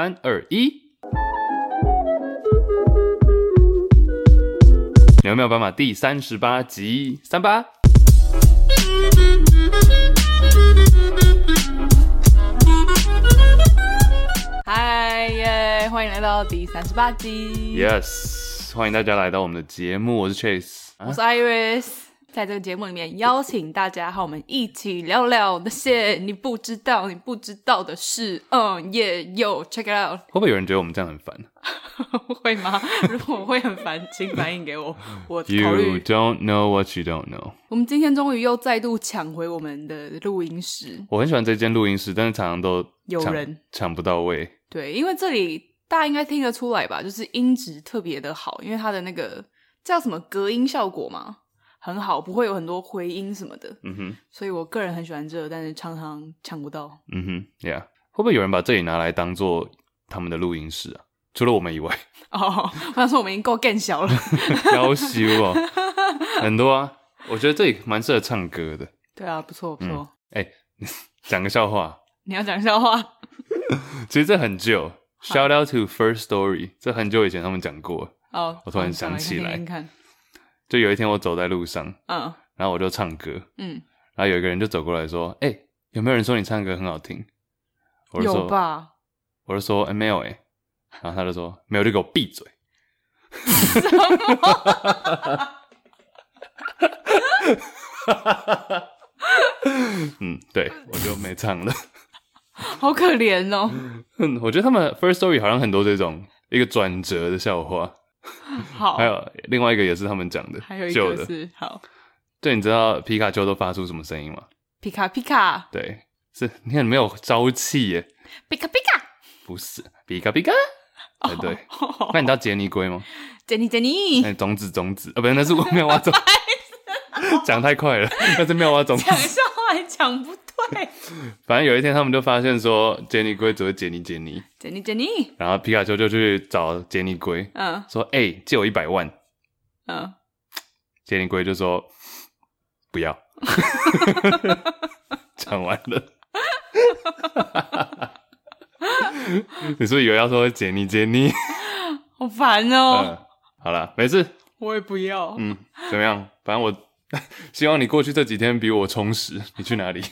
三二一，紐約沒有斑馬第三十八集，三八。Hi，uh，歡迎來到第三十八集。Yes，歡迎大家來到我們的節目，我是 Chase，我是 Iris。在這個節目裡面，邀請大家和我們一起聊聊那些你不知道、你不知道的事。嗯，yeah, yo, check it out。會不會有人覺得我們這樣很煩？ 會嗎？如果我會很煩， 請反映給我，我考慮。You don't know what you don't know。我們今天終於又再度搶回我們的錄音室。我很喜歡這間錄音室，但是常常都搶有人搶不到位。對，因為這裡大家應該聽得出來吧，就是音質特別的好，因為它的那個叫什麼隔音效果嘛。很好，不會有很多回音什麼的。嗯哼，所以我個人很喜歡這，但是常常搶不到。嗯哼，Yeah，會不會有人把這裡拿來當做他們的錄音室啊？除了我們以外。哦，我想說我們已經夠更小了，休息了。 很多啊，我覺得這裡蠻適合唱歌的。對啊，不錯不錯。哎、嗯欸，講個笑話。你要講個笑話？ 其實這很久。Shout out to First Story，這很久以前他們講過。哦。我突然想起來。就有一天，我走在路上，嗯，然後我就唱歌，嗯，然後有一個人就走過來說：“哎，有沒有人說你唱歌很好聽？”我說：“有吧。”我就說：“哎，沒有誒。”然後他就說：“沒有就給我閉嘴。 什麼？ 嗯，對我就沒唱了。 好可憐哦。嗯，我覺得他們 first story 好像很多這種一個轉折的笑話。好，還有另外一個也是他們講的，還有一個是好。對，你知道皮卡丘都發出什麼聲音嗎？皮卡皮卡，對，是你很沒有朝氣耶。皮卡皮卡，不是，皮卡皮卡，哦、哎對、哦。那你知道傑尼龜嗎？傑尼傑尼、欸，種子種子，啊、哦、不然，那是我妙蛙種子。講 太快了，那是妙蛙種子。講笑話還講不？反正有一天，他們就發現說，傑尼龜只會傑尼傑尼傑尼傑尼，然後皮卡丘就去找傑尼龜，嗯，說：“哎、欸，借我一百萬。”嗯，傑尼龜就說：“不要。 ”講 完了。 你是不是以為要說傑尼傑尼？好煩哦、喔嗯！好了，沒事。我也不要。嗯，怎麼樣？反正我。 希望你過去這幾天比我充實。你去哪裡？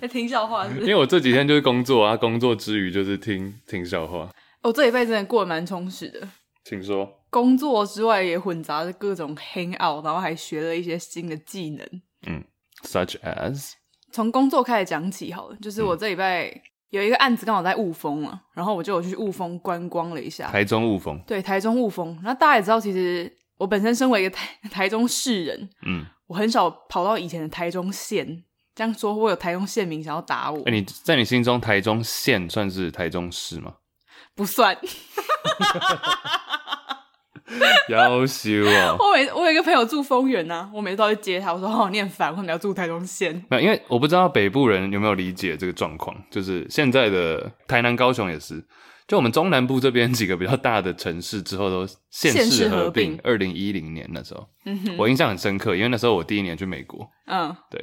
在 聽笑話是是。 因為我這幾天就是工作啊，工作之餘就是聽聽笑話。我、哦、這一輩真的過得蠻充實的。請說。工作之外也混雜着各種 hang out，然後還學了一些新的技能。嗯，such as。從工作開始講起好了，就是我這禮拜有一個案子剛好在霧峰嘛，然後我就去霧峰觀光了一下。台中霧峰。對，台中霧峰。那大家也知道，其實。我本身身為一個台台中市人，嗯，我很少跑到以前的台中縣，這樣說會不會有台中縣民想要打我？哎、欸，你在你心中台中縣算是台中市嗎？不算，夭 壽 啊！我每我有一個朋友住豐原吶、啊，我每次都要去接他，我說哦，你很煩，為什麼要住台中縣？因為我不知道北部人有沒有理解這個狀況，就是現在的台南、高雄也是。就我們中南部這邊幾個比較大的城市，之後都縣市合併。二零一零年那時候、嗯，我印象很深刻，因為那時候我第一年去美國，嗯，對，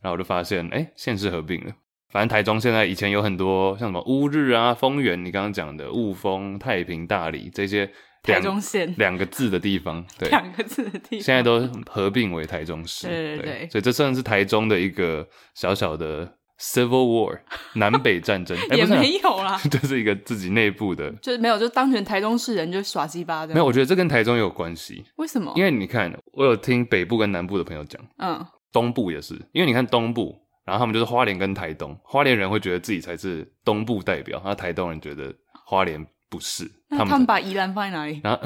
然後我就發現，誒、欸、縣市合併了。反正台中現在以前有很多像什麼烏日啊、豐原，你剛剛講的霧峰、太平、大里這些兩台中縣兩個字的地方，對，兩 個字的地方，現在都合併為台中市。對對,對,對，所以這算是台中的一個小小的。Civil War，南北戰爭、 欸不是啊，也沒有啦， 就是一個自己內部的，就是沒有，就當選台中市人就耍雞巴的。沒有，我覺得這跟台中也有關係。為什麼？因為你看，我有聽北部跟南部的朋友講，嗯，東部也是，因為你看東部，然後他們就是花蓮跟台東，花蓮人會覺得自己才是東部代表，那台東人覺得花蓮、嗯。不是，他們把宜蘭放在哪裡？然後，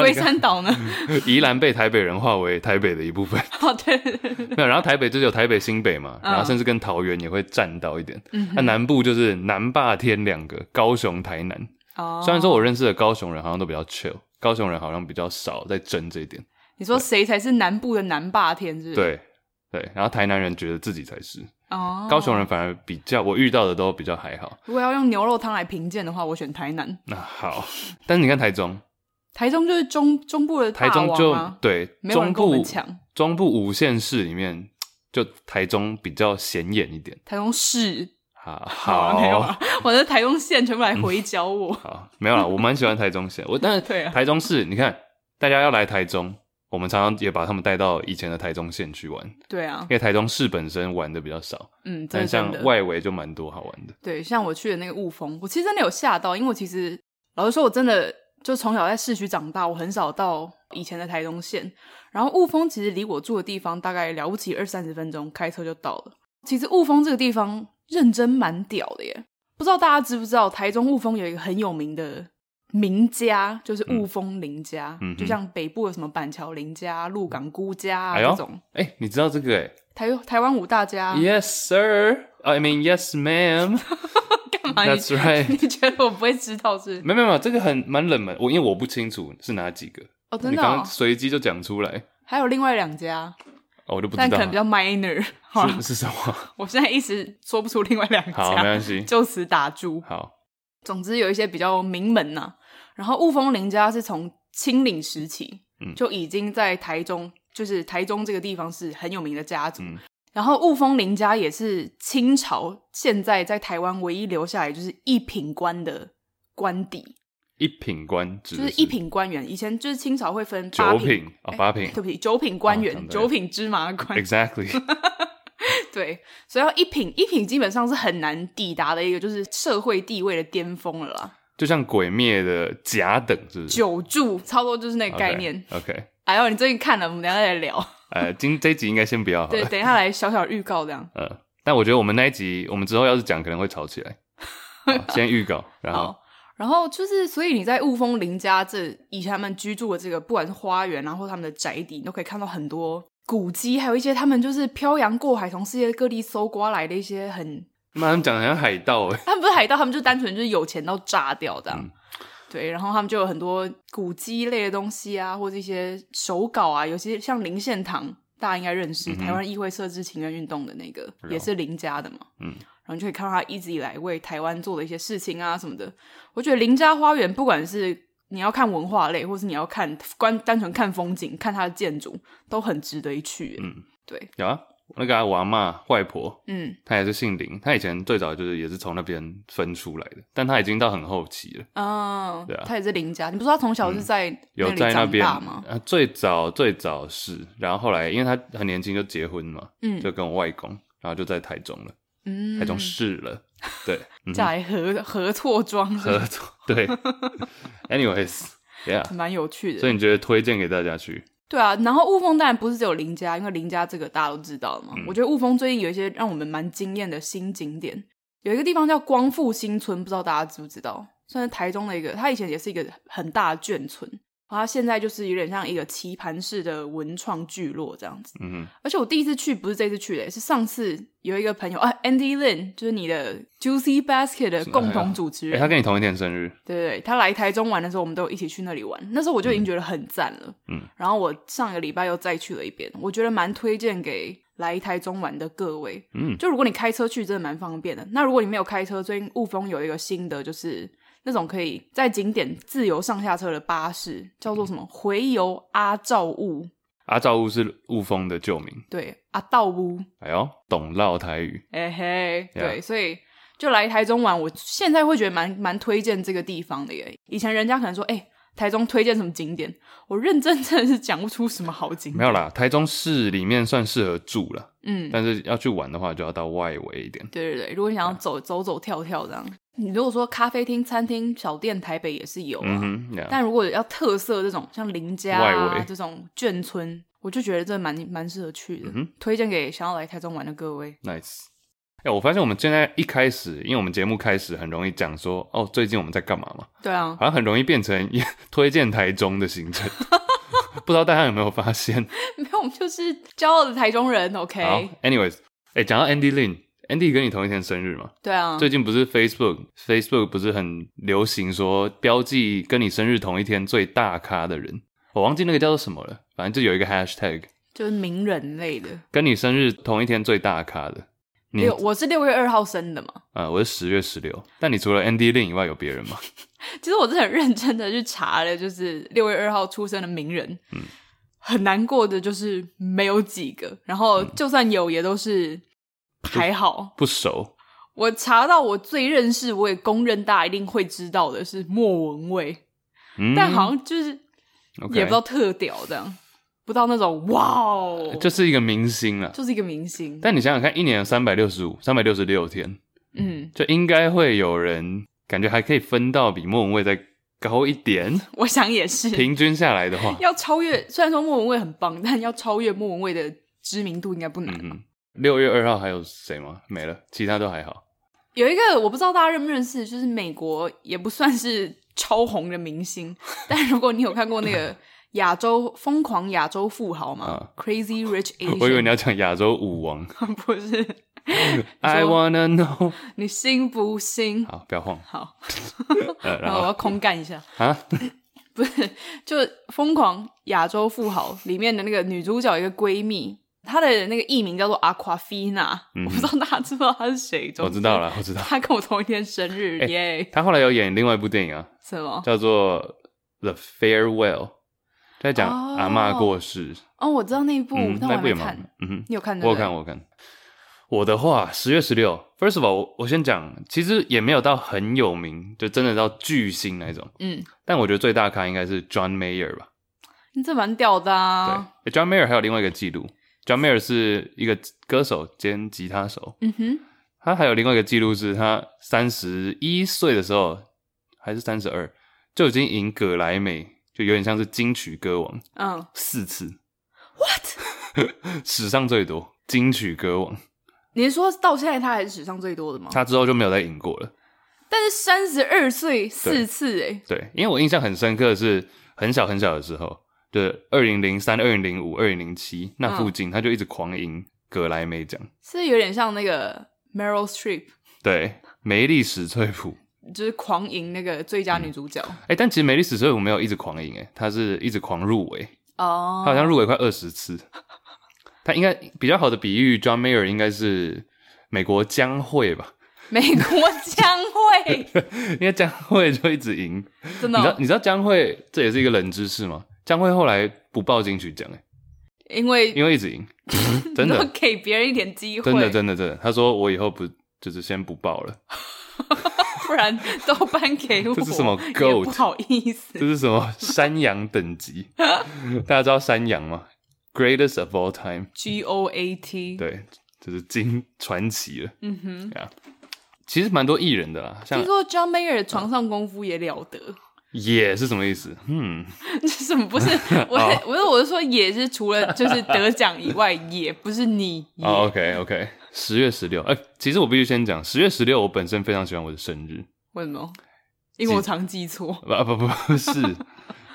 龜 你 山島呢？宜蘭被台北人劃為台北的一部分。哦、 oh,，對沒有。然後台北就是有台北新北嘛，oh. 然後甚至跟桃園也會占到一點。嗯，那、啊、南部就是南霸天兩個，高雄、台南。哦、oh.，雖然說我認識的高雄人好像都比較 chill，高雄人好像比較少在爭這一點。你說誰才是南部的南霸天？是不是？對對，然後台南人覺得自己才是。哦、oh.，高雄人反而比較，我遇到的都比較還好。如果要用牛肉湯來評鑑的話，我選台南。那、啊、好，但是你看台中， 台中就是中中部的、啊、台中就對，中部中部五縣市裡面就台中比較顯眼一點。台中市，好，好，啊、沒有 我的台中縣全部來回教我。 好，沒有啦，我蠻喜歡台中縣， 我但是對、啊、台中市，你看大家要來台中。我們常常也把他們帶到以前的台中縣去玩。對啊，因為台中市本身玩的比較少。嗯，但像外圍就蠻多好玩的。對，像我去的那個霧峰，我其實真的有嚇到，因為我其實老實說，我真的就從小在市區長大，我很少到以前的台中縣。然後霧峰其實離我住的地方大概了不起二三十分鐘開車就到了。其實霧峰這個地方認真蠻屌的耶，不知道大家知不知道台中霧峰有一個很有名的。名家就是霧峰林家，嗯，就像北部有什麼板橋林家、鹿港辜家、啊哎、這種。哎、欸，你知道這個哎、欸？台灣台灣五大家。Yes, sir. I mean, yes, ma'am. 幹 嘛？That's right. 你覺得我不會知道是？沒有沒有，這個很蠻冷門。我因為我不清楚是哪幾個。哦，真的、哦？你剛隨機就講出來。還有另外兩家。哦，我都不知道、啊。但可能比較 minor 是、嗯是。是什麼？我現在一時說不出另外兩家。好，沒關係。就此打住。好。總之有一些比較名門吶、啊，然後霧峰林家是從清領時期、嗯、就已經在台中，就是台中這個地方是很有名的家族。嗯、然後霧峰林家也是清朝現在在台灣唯一留下來就是一品官的官邸，一品官是是是就是一品官員。以前就是清朝會分八品九品啊、哦，八品、欸、對不起，九品官員，哦、九品芝麻官，exactly。 對，所以要一品，一品基本上是很難抵達的一個，就是社會地位的巔峰了啦。就像鬼滅是是《鬼滅》的甲等，就是九柱，差不多就是那個概念。OK，哎呦，你最近看了，我們等一下再聊。哎、呃，今這一集應該先不要好。 對，等一下來小小預告這樣。 嗯，但我覺得我們那一集，我們之後要是講，可能會吵起來。 先預告，然後 ，然後就是，所以你在霧峰林家這以前他們居住的這個，不管是花園，然後他們的宅邸，你都可以看到很多。古籍，還有一些他們就是漂洋過海，從世界各地搜刮來的一些很……媽，他們講的像海盜，他們不是海盜，他們就單純就是有錢到炸掉這樣，嗯。對，然後他們就有很多古籍類的東西啊，或者一些手稿啊，有些像林獻堂，大家應該認識，台灣議會設置情願運動的那個，嗯，也是林家的嘛。嗯，然後就可以看到他一直以來為台灣做的一些事情啊什麼的。我覺得林家花園，不管是你要看文化類，或是你要看觀，單純看風景，看它的建築，都很值得一去。嗯，對，有啊，那個、啊、阿嬤，外婆，嗯，他也是姓林，他以前最早就是也是從那邊分出來的，但他已經到很後期了。啊、哦，對啊，他也是林家，你不是說他從小是在、嗯、有在那邊嗎、啊？最早最早是，然後後來因為他很年輕就結婚嘛，嗯，就跟我外公，然後就在台中了，嗯，台中市了。對、嗯，再合合錯裝合錯對 ，anyways，yeah 蠻有趣的。所以你覺得推薦給大家去？對啊，然後霧峰當然不是只有林家，因為林家這個大家都知道嘛、嗯。我覺得霧峰最近有一些讓我們蠻驚艷的新景點，有一個地方叫光復新村，不知道大家知不知道？算是台中的、那、一個，它以前也是一個很大的眷村。啊，現在就是有點像一個棋盤式的文創聚落這樣子。嗯。而且我第一次去不是這次去的，是上次有一個朋友啊，Andy Lin，就是你的 Juicy Basket 的共同主持人，哎哎。他跟你同一天生日。對對對，他來台中玩的時候，我們都一起去那裡玩。那時候我就已經覺得很讚了。嗯。然後我上個禮拜又再去了一遍，嗯，我覺得蠻推薦給來台中玩的各位。嗯。就如果你開車去，真的蠻方便的。那如果你沒有開車，最近霧峰有一個新的，就是。那種可以在景點自由上下車的巴士叫做什麼？回遊阿罩霧。阿罩霧是霧峰的舊名。對，阿罩霧。哎呦，懂烙台語。哎、欸、嘿，對，所以就來台中玩，我現在會覺得蠻蠻推薦這個地方的耶。以前人家可能說，哎、欸。台中推薦什麼景點？我認真真的是講不出什麼好景點。沒有啦，台中市裡面算適合住了，嗯，但是要去玩的話就要到外圍一點。對對對，如果你想要走走走跳跳這樣，啊、你如果說咖啡廳、餐廳、小店，台北也是有，嗯，但如果要特色這種，像林家啊這種眷村，我就覺得這蠻蠻適合去的，嗯、推薦給想要來台中玩的各位。Nice。哎、欸，我發現我們現在一開始，因為我們節目開始很容易講說，哦，最近我們在幹嘛嘛？對啊，好像很容易變成推薦台中的行程。 不知道大家有沒有發現？ 沒有，我們就是驕傲的台中人。OK。好，anyways，欸，講到 Andy Lin，Andy 跟你同一天生日嘛？對啊。最近不是 Facebook，Facebook Facebook 不是很流行說標記跟你生日同一天最大咖的人？我忘記那個叫做什麼了，反正就有一個 Hashtag，就是名人類的，跟你生日同一天最大咖的。你我是六月二號生的嘛？呃，我是十月十六。但你除了 N D 另以外，有別人嗎？ 其實我是很認真的去查了，就是六月二號出生的名人，嗯，很難過的就是沒有幾個。然後就算有，也都是排好、嗯、不熟。我查到我最認識，我也公認大家一定會知道的是莫文蔚、嗯，但好像就是也不知道特屌這樣。Okay 不到那種哇哦，就是一個明星了，就是一個明星。但你想想看，一年三百六十五、三百六十六天，嗯，就應該會有人感覺還可以分到比莫文蔚再高一點。我想也是，平均下來的話，要超越雖然說莫文蔚很棒，但要超越莫文蔚的知名度應該不難。六嗯嗯月二號還有誰嗎？沒了，其他都還好。有一個我不知道大家認不認識，就是美國也不算是超紅的明星，但如果你有看過那個。 亞洲瘋狂亞洲富豪嘛、啊、Crazy Rich Asian，我以為你要講亞洲舞王， 不是 I wanna know。你信不信？好，不要慌。好， 然後， 然後 我要空干一下啊。 不是，就《瘋狂亞洲富豪》裡面的那個女主角一個閨蜜， 她的那個藝名叫做 Aquafina、嗯。我不知道大家知道她是誰。我知道了，我知道。她跟我同一天生日、欸、耶。她後來有演另外一部電影啊，什麼？叫做《The Farewell》。在講阿嬤過世哦，哦，我知道那一部，嗯、沒看那部也蠻嗯，你有看嗎？我有看我有看，我的話十月十六，First of all，我先講，其實也沒有到很有名，就真的到巨星那一種，嗯。但我覺得最大咖應該是 John Mayer 吧，你、嗯、這蠻屌的啊。對，John Mayer 還有另外一個記錄，John Mayer 是一個歌手兼吉他手，嗯哼。他還有另外一個記錄是他三十一歲的時候還是三十二，就已經贏葛萊美。就有點像是金曲歌王，嗯、oh.，四次，what？ 史上最多金曲歌王。你說到現在，他還是史上最多的嗎？他之後就沒有再贏過了。但是三十二歲四次哎。對，因為我印象很深刻的是，是很小很小的時候，就二零零三、二零零五、二零零七那附近，他就一直狂贏格萊美獎，是、oh. 有點像那個 Meryl Streep，對，梅麗史翠普。就是狂贏那個最佳女主角。哎、嗯欸，但其實梅莉史翠普沒有一直狂贏，哎，她是一直狂入圍。哦、oh.，她好像入圍快二十次。他應該比較好的比喻，John Mayer 應該是美國江蕙吧？美國江蕙，因為江蕙就一直贏。真的、哦？你知道你知道江蕙這也是一個冷知識嗎？江蕙後來不報金曲獎，哎，因為因為一直贏，真的 給別人一點機會。真的真的真的，他說我以後不就是先不報了。 不然都頒給我，不是什麼 goat 不好意思，這是什麼山羊等級？ 大家知道山羊嗎？Greatest of all time，G O A T，對，就是金傳奇了。嗯哼，yeah. 其實蠻多藝人的啦，聽說 John Mayer 的床上功夫也了得，也、嗯 yeah, 是什麼意思？嗯， 什麼不是我？我是、oh. 我是說，也是除了就是得獎以外， 也不是你。Oh, OK OK。十月十六，哎，其實我必須先講，十月十六，我本身非常喜歡我的生日。為什麼？因為我常記錯。不不不，不是，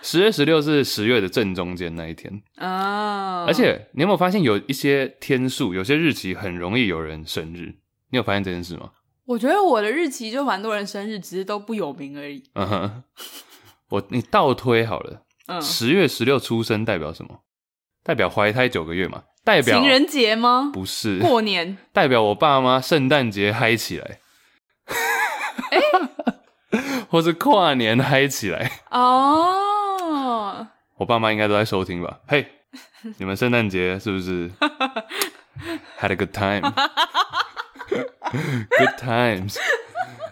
十 月十六是十月的正中間那一天啊。Oh. 而且你有沒有發現有一些天數，有些日期很容易有人生日？你有發現這件事嗎？我覺得我的日期就蠻多人生日，其實都不有名而已。嗯、uh、哼 -huh.，我你倒推好了，十、oh. 月十六出生代表什麼？代表懷胎九個月嘛。代表，情人節嗎？不是，過年。代表我爸媽聖誕節嗨起來，哎、欸，或是跨年嗨起來。哦，我爸媽應該都在收聽吧？嘿、hey,，你們聖誕節是不是 had a good time？Good times？誒、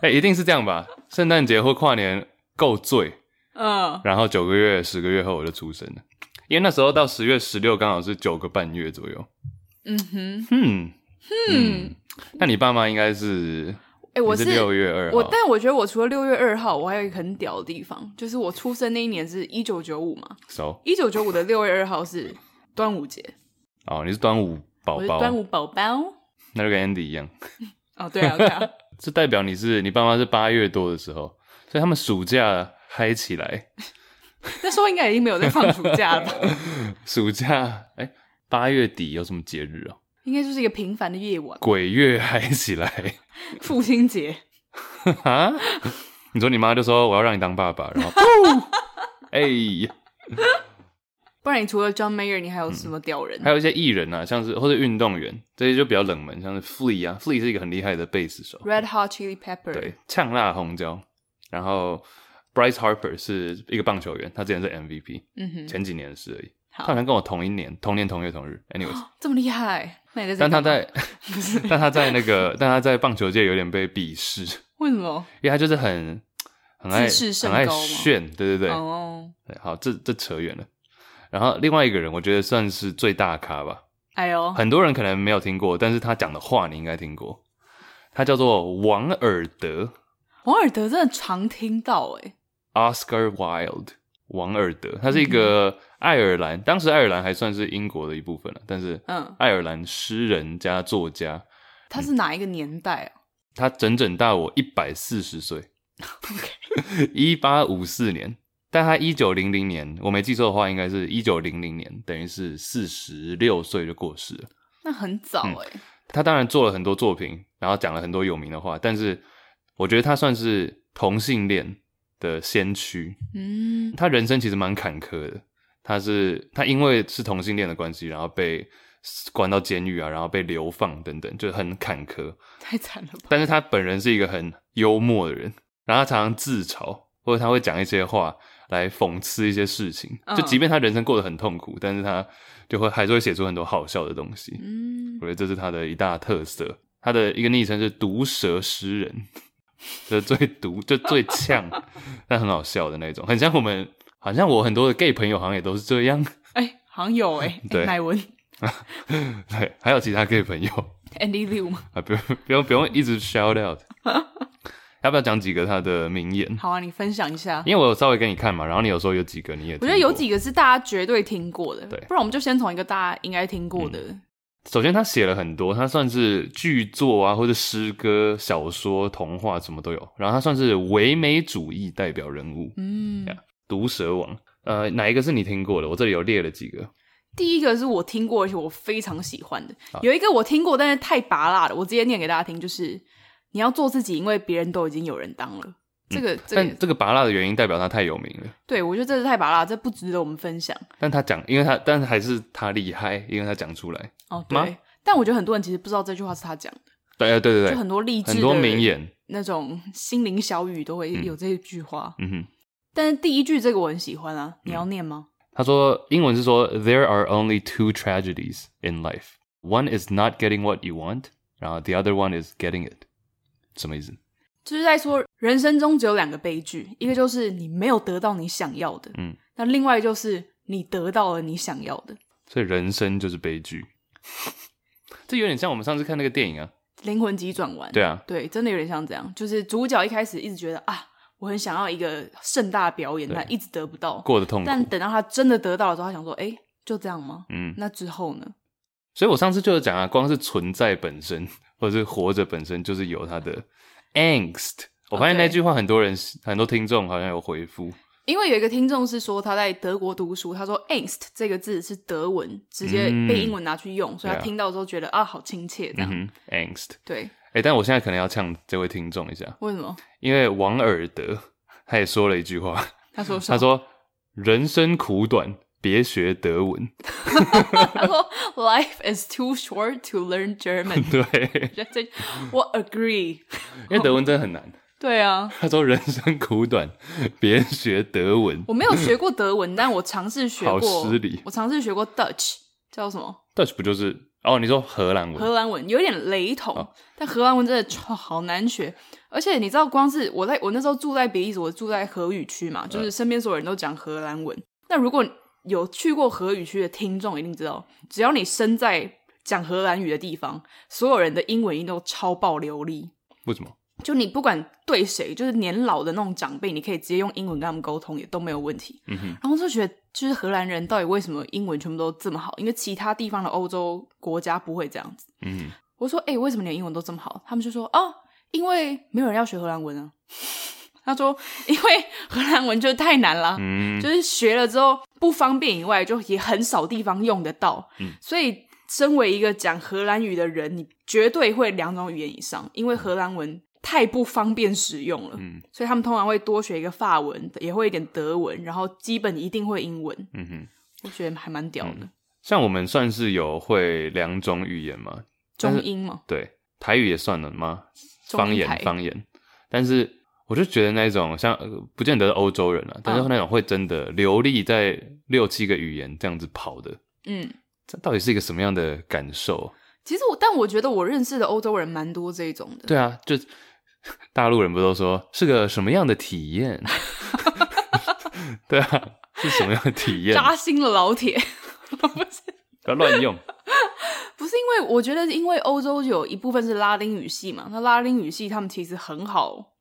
欸、一定是這樣吧？聖誕節或跨年夠醉，嗯、哦，然後九個月、十個月後我就出生了。因為那時候到十月十六剛好是九個半月左右。嗯哼，嗯哼、嗯嗯，那你爸媽應該是？哎、欸，我是六月二號。但我覺得我除了六月二號，我還有一個很屌的地方，就是我出生那一年是一九九五嘛。一九九五的六月二號是端午節。哦，你是端午寶寶。端午寶寶。 那就跟 Andy 一樣。哦，對啊，對啊。 這代表你是你爸媽是八月多的時候，所以他們暑假嗨起來。那時候應該已經沒有在放暑假了吧？ 暑假，哎、欸，八月底有什麼節日啊？應該就是一個平凡的夜晚。鬼月還起來？父親節？哈，你說你媽就說我要讓你當爸爸，然後，哎、 欸，不然你除了 John Mayer，你還有什麼屌人、嗯？還有一些藝人吶、啊，像是或者運動員，這些就比較冷門，像是 Flea 啊，Flea 是一個很厲害的貝斯手，Red Hot Chili Peppers，對，嗆辣紅椒，然後。Bryce Harper 是一個棒球員，他之前是 MVP，嗯哼，前幾年的事而已。他好像跟我同一年、同年同月同日。anyways，哦，這麼厲害，但他在 但他在那個， 但他在棒球界有點被鄙視。為什麼？因為他就是很很愛很愛炫，對對對。哦，好，這這扯遠了。然後另外一個人，我覺得算是最大咖吧。哎呦，很多人可能沒有聽過，但是他講的話你應該聽過。他叫做王爾德。王爾德真的常聽到，欸，哎。Oscar Wilde，王爾德，他是一個愛爾蘭、嗯，當時愛爾蘭還算是英國的一部分了，但是家家，嗯，愛爾蘭詩人加作家，他是哪一個年代啊？嗯、他整整大我一百四十歲，OK，一八五四年，但他一九零零年，我沒記錯的話，應該是一九零零年，等於是四十六歲就過世了，那很早誒、欸嗯、他當然做了很多作品，然後講了很多有名的話，但是我覺得他算是同性戀。的先驅，嗯，他人生其實蠻坎坷的。他是他因為是同性戀的關係，然後被關到監獄啊，然後被流放等等，就很坎坷。太慘了吧。但是他本人是一個很幽默的人，然後他常常自嘲，或者他會講一些話來諷刺一些事情。就即便他人生過得很痛苦，但是他就會還是會寫出很多好笑的東西。嗯，我覺得這是他的一大特色。他的一個昵稱是毒舌詩人。就最毒，就最嗆， 但很好笑的那種，很像我們，好像我很多的 gay 朋友好像也都是這樣，哎、欸，好像有哎、欸，奈、 欸、文， 對，還有其他 gay 朋友，Andy Liu 嗎？啊，不用不用不用一直 shout out， 要不要講幾個他的名言？好啊，你分享一下，因為我有稍微給你看嘛，然後你有時候有幾個你也，我覺得有幾個是大家絕對聽過的，對，不然我們就先從一個大家應該聽過的。嗯首先，他寫了很多，他算是劇作啊，或者詩歌、小說、童話，什麼都有。然後他算是唯美主義代表人物，嗯，yeah, 毒舌王，呃，哪一個是你聽過的？我這裡有列了幾個。第一個是我聽過，而且我非常喜歡的。有一個我聽過，但是太芭樂了，我直接念給大家聽，就是你要做自己，因為別人都已經有人當了。嗯、這個，但這個芭樂的原因代表他太有名了。對，我覺得這是太芭樂，這不值得我們分享。但他講，因為他，但還是他厲害，因為他講出來。哦，對。但我覺得很多人其實不知道這句話是他講的。對，對，對，對。很多勵志、很多名言，那種心靈小語都會有這句話。嗯哼。但是第一句這個我很喜歡啊，嗯、你要念嗎、嗯？他說：“英文是說，There are only two tragedies in life. One is not getting what you want，然後 the other one is getting it。什麼意思？”就是在說，人生中只有兩個悲劇，一個就是你沒有得到你想要的，嗯，那另外就是你得到了你想要的，所以人生就是悲劇。 這有點像我們上次看那個電影啊，《靈魂急轉彎》。對啊，對，真的有點像這樣。就是主角一開始一直覺得啊，我很想要一個盛大的表演，但一直得不到，過得痛苦。但等到他真的得到了之後，他想說，哎、欸，就這樣嗎？嗯，那之後呢？所以我上次就是講啊，光是存在本身，或者是活着本身就是有它的。Angst 我發現那句話很多人、哦、很多聽眾好像有回覆，因為有一個聽眾是說他在德國讀書，他說 Angst 這個字是德文，直接被英文拿去用，嗯、所以他聽到之後覺得、嗯、啊,啊好親切這樣。嗯、Angst 對、欸，但我現在可能要嗆這位聽眾一下，為什麼？因為王爾德他也說了一句話，他說什麼？他說人生苦短。別學德文。 他說 ：“Life is too short to learn German。”對， 我 agree。因為德文真的很難。Oh, 對啊，他說：“人生苦短，別學德文。”我沒有學過德文， 但我嘗試學過。好失禮，我嘗試學過 Dutch，叫什麼？Dutch 不就是哦？你說荷蘭文？荷蘭文有點雷同，哦、但荷蘭文真的超、哦、好難學。而且你知道，光是我在我那時候住在比利時，我住在荷語區嘛，就是身邊所有人都講荷蘭文。那、uh, 如果你有去過荷語區的聽眾一定知道，只要你身在講荷蘭語的地方，所有人的英文音都超爆流利。為什麼？就你不管對誰，就是年老的那種長輩，你可以直接用英文跟他們溝通，也都沒有問題。嗯、然後就覺得，就是荷蘭人到底為什麼英文全部都這麼好？因為其他地方的歐洲國家不會這樣子。嗯、我說：“哎、欸，為什麼你的英文都這麼好？”他們就說：“哦，因為沒有人要學荷蘭文啊。”他說：“因為荷蘭文就太難了，嗯，就是學了之後不方便以外，就也很少地方用得到。嗯、所以，身為一個講荷蘭語的人，你絕對會兩種語言以上，因為荷蘭文太不方便使用了。嗯、所以，他們通常會多學一個法文，也會一點德文，然後基本一定會英文。嗯哼，我覺得還蠻屌的，嗯。像我們算是有會兩種語言嗎？中英嗎？對，台語也算了嗎？中英方言，方言，但是。”我就覺得那種像不見得是歐洲人了啊，但是那種會真的流利在六七個語言這樣子跑的，嗯，這到底是一個什麼樣的感受？其實我，但我覺得我認識的歐洲人蠻多這一種的。對啊，就大陸人不都說是個什麼樣的體驗？ 對啊，是什麼樣的體驗？ 紮心了，老鐵， 不，不要亂用。 不是因為我覺得，因為歐洲有一部分是拉丁語系嘛，那拉丁語系他們其實很好。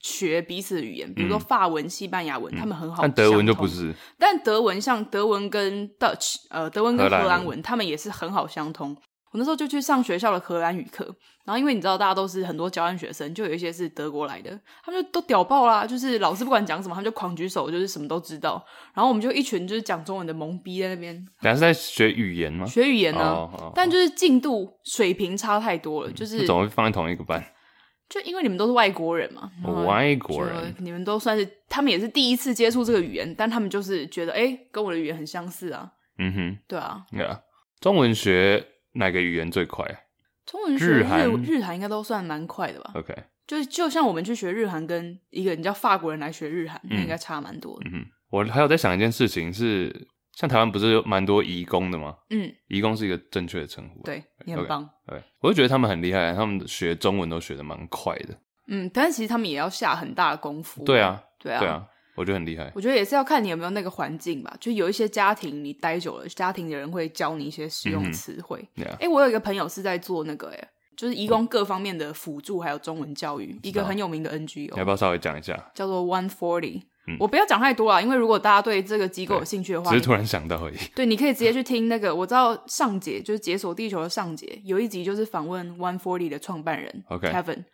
學彼此的語言，比如說法文、嗯、西班牙文，他們很好，嗯。但德文就不是。但德文像德文跟 Dutch，呃，德文跟荷蘭文，文，他們也是很好相通。我那時候就去上學校的荷蘭語課，然後因為你知道，大家都是很多交換學生，就有一些是德國來的，他們就都屌爆啦，就是老師不管講什麼，他們就狂舉手，就是什麼都知道。然後我們就一群就是講中文的懵逼在那邊。等一下是在學語言嗎？學語言呢，哦哦，但就是進度水平差太多了，嗯，就是。總會放在同一個班。就因為你們都是外國人嘛，我外國人，你們都算是，他們也是第一次接觸這個語言，但他們就是覺得哎、欸，跟我的語言很相似啊。嗯哼，對啊，yeah. 中文學哪個語言最快？中文學日、日韓、日韓應該都算蠻快的吧？OK，就就像我們去學日韓，跟一個你叫法國人來學日韓、嗯，那應該差蠻多的。嗯哼，我還有在想一件事情是。像台灣不是有蠻多移工的嗎？嗯，移工是一個正確的稱呼、啊。對你很棒，對、okay, okay. 我就覺得他們很厲害、欸，他們學中文都學的蠻快的。嗯，但是其實他們也要下很大的功夫。對啊，對啊，對啊，我覺得很厲害。我覺得也是要看你有沒有那個環境吧。就有一些家庭，你待久了，家庭的人會教你一些實用詞彙。哎、嗯嗯，欸 yeah. 我有一個朋友是在做那個、欸，哎，就是移工各方面的輔助，還有中文教育，一個很有名的 NGO。你要不要稍微講一下？叫做 One Forty。嗯、我不要講太多啦，因為如果大家對這個機構有興趣的話，只是突然想到而已。對，你可以直接去聽那個， 我知道上節就是《解鎖地球》的上節，有一集就是訪問 One Forty 的創辦人、okay. Kevin。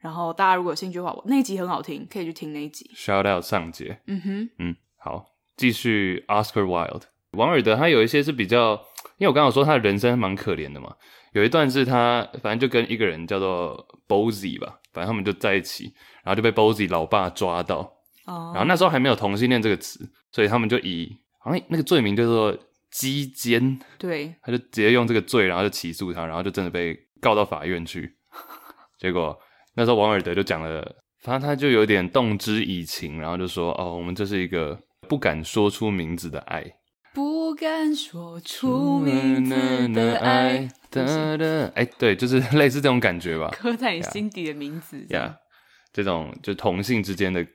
然後大家如果有興趣的話，那一集很好聽，可以去聽那一集。Shout out 上節，嗯哼，嗯，好，繼續 Oscar Wilde，王爾德，他有一些是比較，因為我剛剛說他的人生還蠻可憐的嘛，有一段是他反正就跟一個人叫做 Bosie 吧，反正他們就在一起，然後就被 Bosie 老爸抓到。Oh. 然後那時候還沒有同性戀這個詞，所以他們就以好像、啊、那個罪名就是說雞姦，對，他就直接用這個罪，然後就起訴他，然後就真的被告到法院去。 結果那時候王爾德就講了，反正他就有點動之以情，然後就說：“哦，我們這是一個不敢說出名字的愛，不敢說出名字的愛的、 哎，對，就是類似這種感覺吧，刻在你心底的名字，呀、yeah,，yeah, 這種就同性之間的。”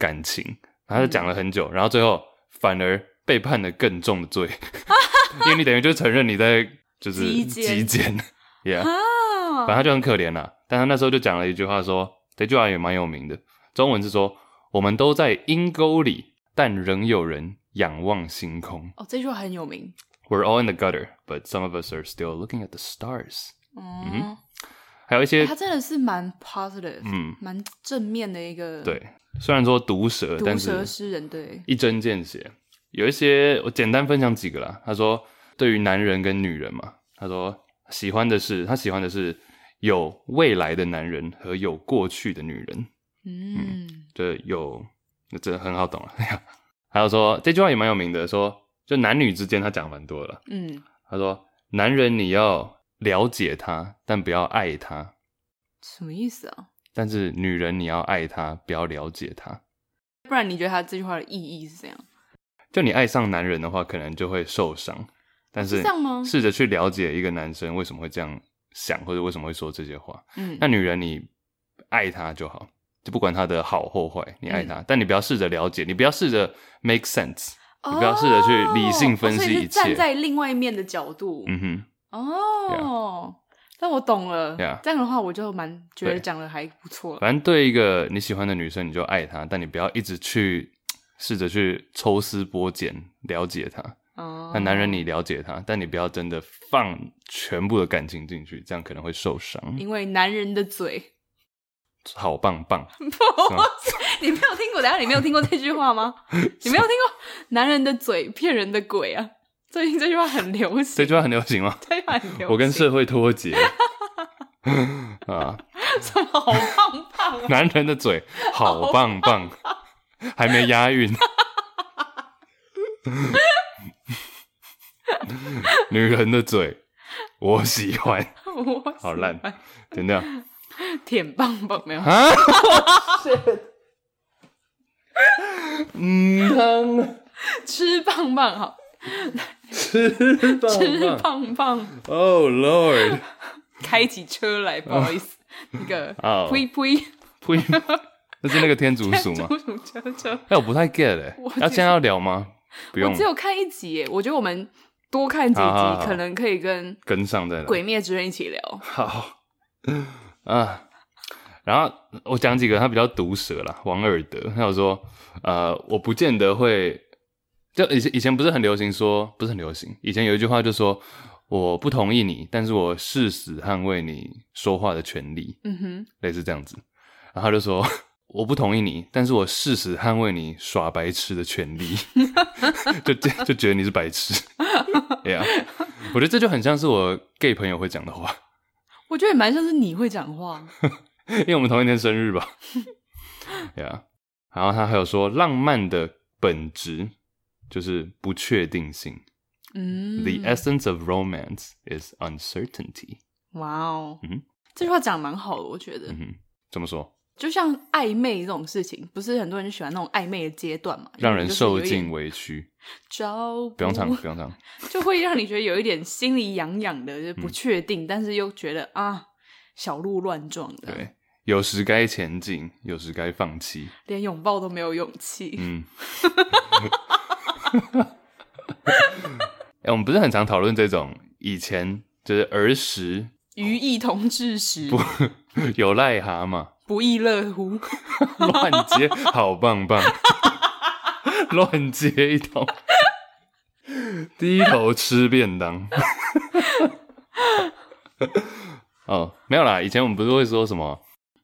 感情，然後他就講了很久、嗯，然後最後反而被判了更重的罪， 因為你等於就承認你在就是極簡，極簡、Yeah. 啊、反正他就很可憐了、啊。但他那時候就講了一句話說，說這句話也蠻有名的，中文是說我們都在陰溝裡，但仍有人仰望星空。哦，這句話很有名。We're all in the gutter, but some of us are still looking at the stars。嗯。Mm -hmm. 還有一些，欸、他真的是蠻 positive，嗯，蠻正面的一個。對，雖然說毒舌，毒舌詩人對，但是一針見血。有一些我簡單分享幾個啦。他說，對於男人跟女人嘛，他說喜歡的是他喜歡的是有未來的男人和有過去的女人。嗯，對、嗯，就有，真的很好懂呀、啊、 還有說這句話也蠻有名的，說就男女之間他講蠻多了。嗯，他說男人你要。了解他，但不要愛他，什麼意思啊？但是女人，你要愛他，不要了解他。不然，你覺得他這句話的意義是這樣？就你愛上男人的話，可能就會受傷。但是試着去了解一個男生為什麼會這樣想，或者為什麼會說這些話。嗯，那女人，你愛他就好，就不管他的好或壞，你愛他。嗯、但你不要試着了解，你不要試着 make sense，你不要試着去理性分析一切、哦哦、站在另外一面的角度，嗯哼。哦，那我懂了。Yeah. 這樣的話我就蠻覺得講的還不錯。反正對一個你喜歡的女生，你就愛她，但你不要一直去試着去抽絲剝繭了解她。哦，那男人你了解他，但你不要真的放全部的感情進去，這樣可能會受傷。因為男人的嘴好棒棒， 不 你沒有聽過？等一下，你沒有聽過這句話嗎？ 你沒有聽過“男人的嘴騙人的鬼”啊？最近這句話很流行。這句話很流行嗎？對，很流行。 我跟社會脫節。 啊！什麼好棒棒啊 好棒棒。男人的嘴好棒棒，還沒押韻。 女人的嘴，我喜歡。我喜歡。好爛，剪掉。舔棒棒沒有？啊！嗯，哼。吃棒棒好。吃吃胖胖， 吃胖，胖，Oh Lord！開起車來，uh, 不好意思，那個呸呸呸，那、oh. 是那個天竺鼠嗎？為 哎、欸，我不太 get 哎，那這樣要聊嗎？不用，我只有看一集哎，我覺得我們多看幾集， 好好好好可能可以跟跟上在《鬼滅之刃》一起聊。好，好啊，然後我講幾個，他比較毒舌啦，王爾德，他有說：“呃，我不見得會。”就以前以前不是很流行說，不是很流行。以前有一句話就說：“我不同意你，但是我誓死捍衛你說話的權利。”嗯哼，類似這樣子。然後他就說：“我不同意你，但是我誓死捍衛你耍白痴的權利。” 就就就覺得你是白痴。哎呀，我覺得這就很像是我 gay 朋友會講的話。我覺得也蠻像是你會講話， 因為我們同一天生日吧。哎呀，然後他還有說浪漫的本質。就是不確定性。嗯，The essence of romance is uncertainty。哇哦，嗯，這句話講得蠻好的、嗯，我覺得。怎、嗯、麼說？就像曖昧這種事情，不是很多人喜歡那種曖昧的階段嘛？讓人受盡委屈就。不用唱，不用唱。 就會讓你覺得有一點心裡癢癢的，就是、不確定、嗯，但是又覺得啊，小鹿亂撞的。對，有時該前進，有時該放棄。連擁抱都沒有勇氣。嗯。 哈哈，哎，我們不是很常討論這種，以前就是兒時，與異同志時，不有癩蛤蟆，不亦樂乎？亂 接，好棒棒，亂 接一通，低 頭吃便當。 哦，沒有啦，以前我們不是會說什麼？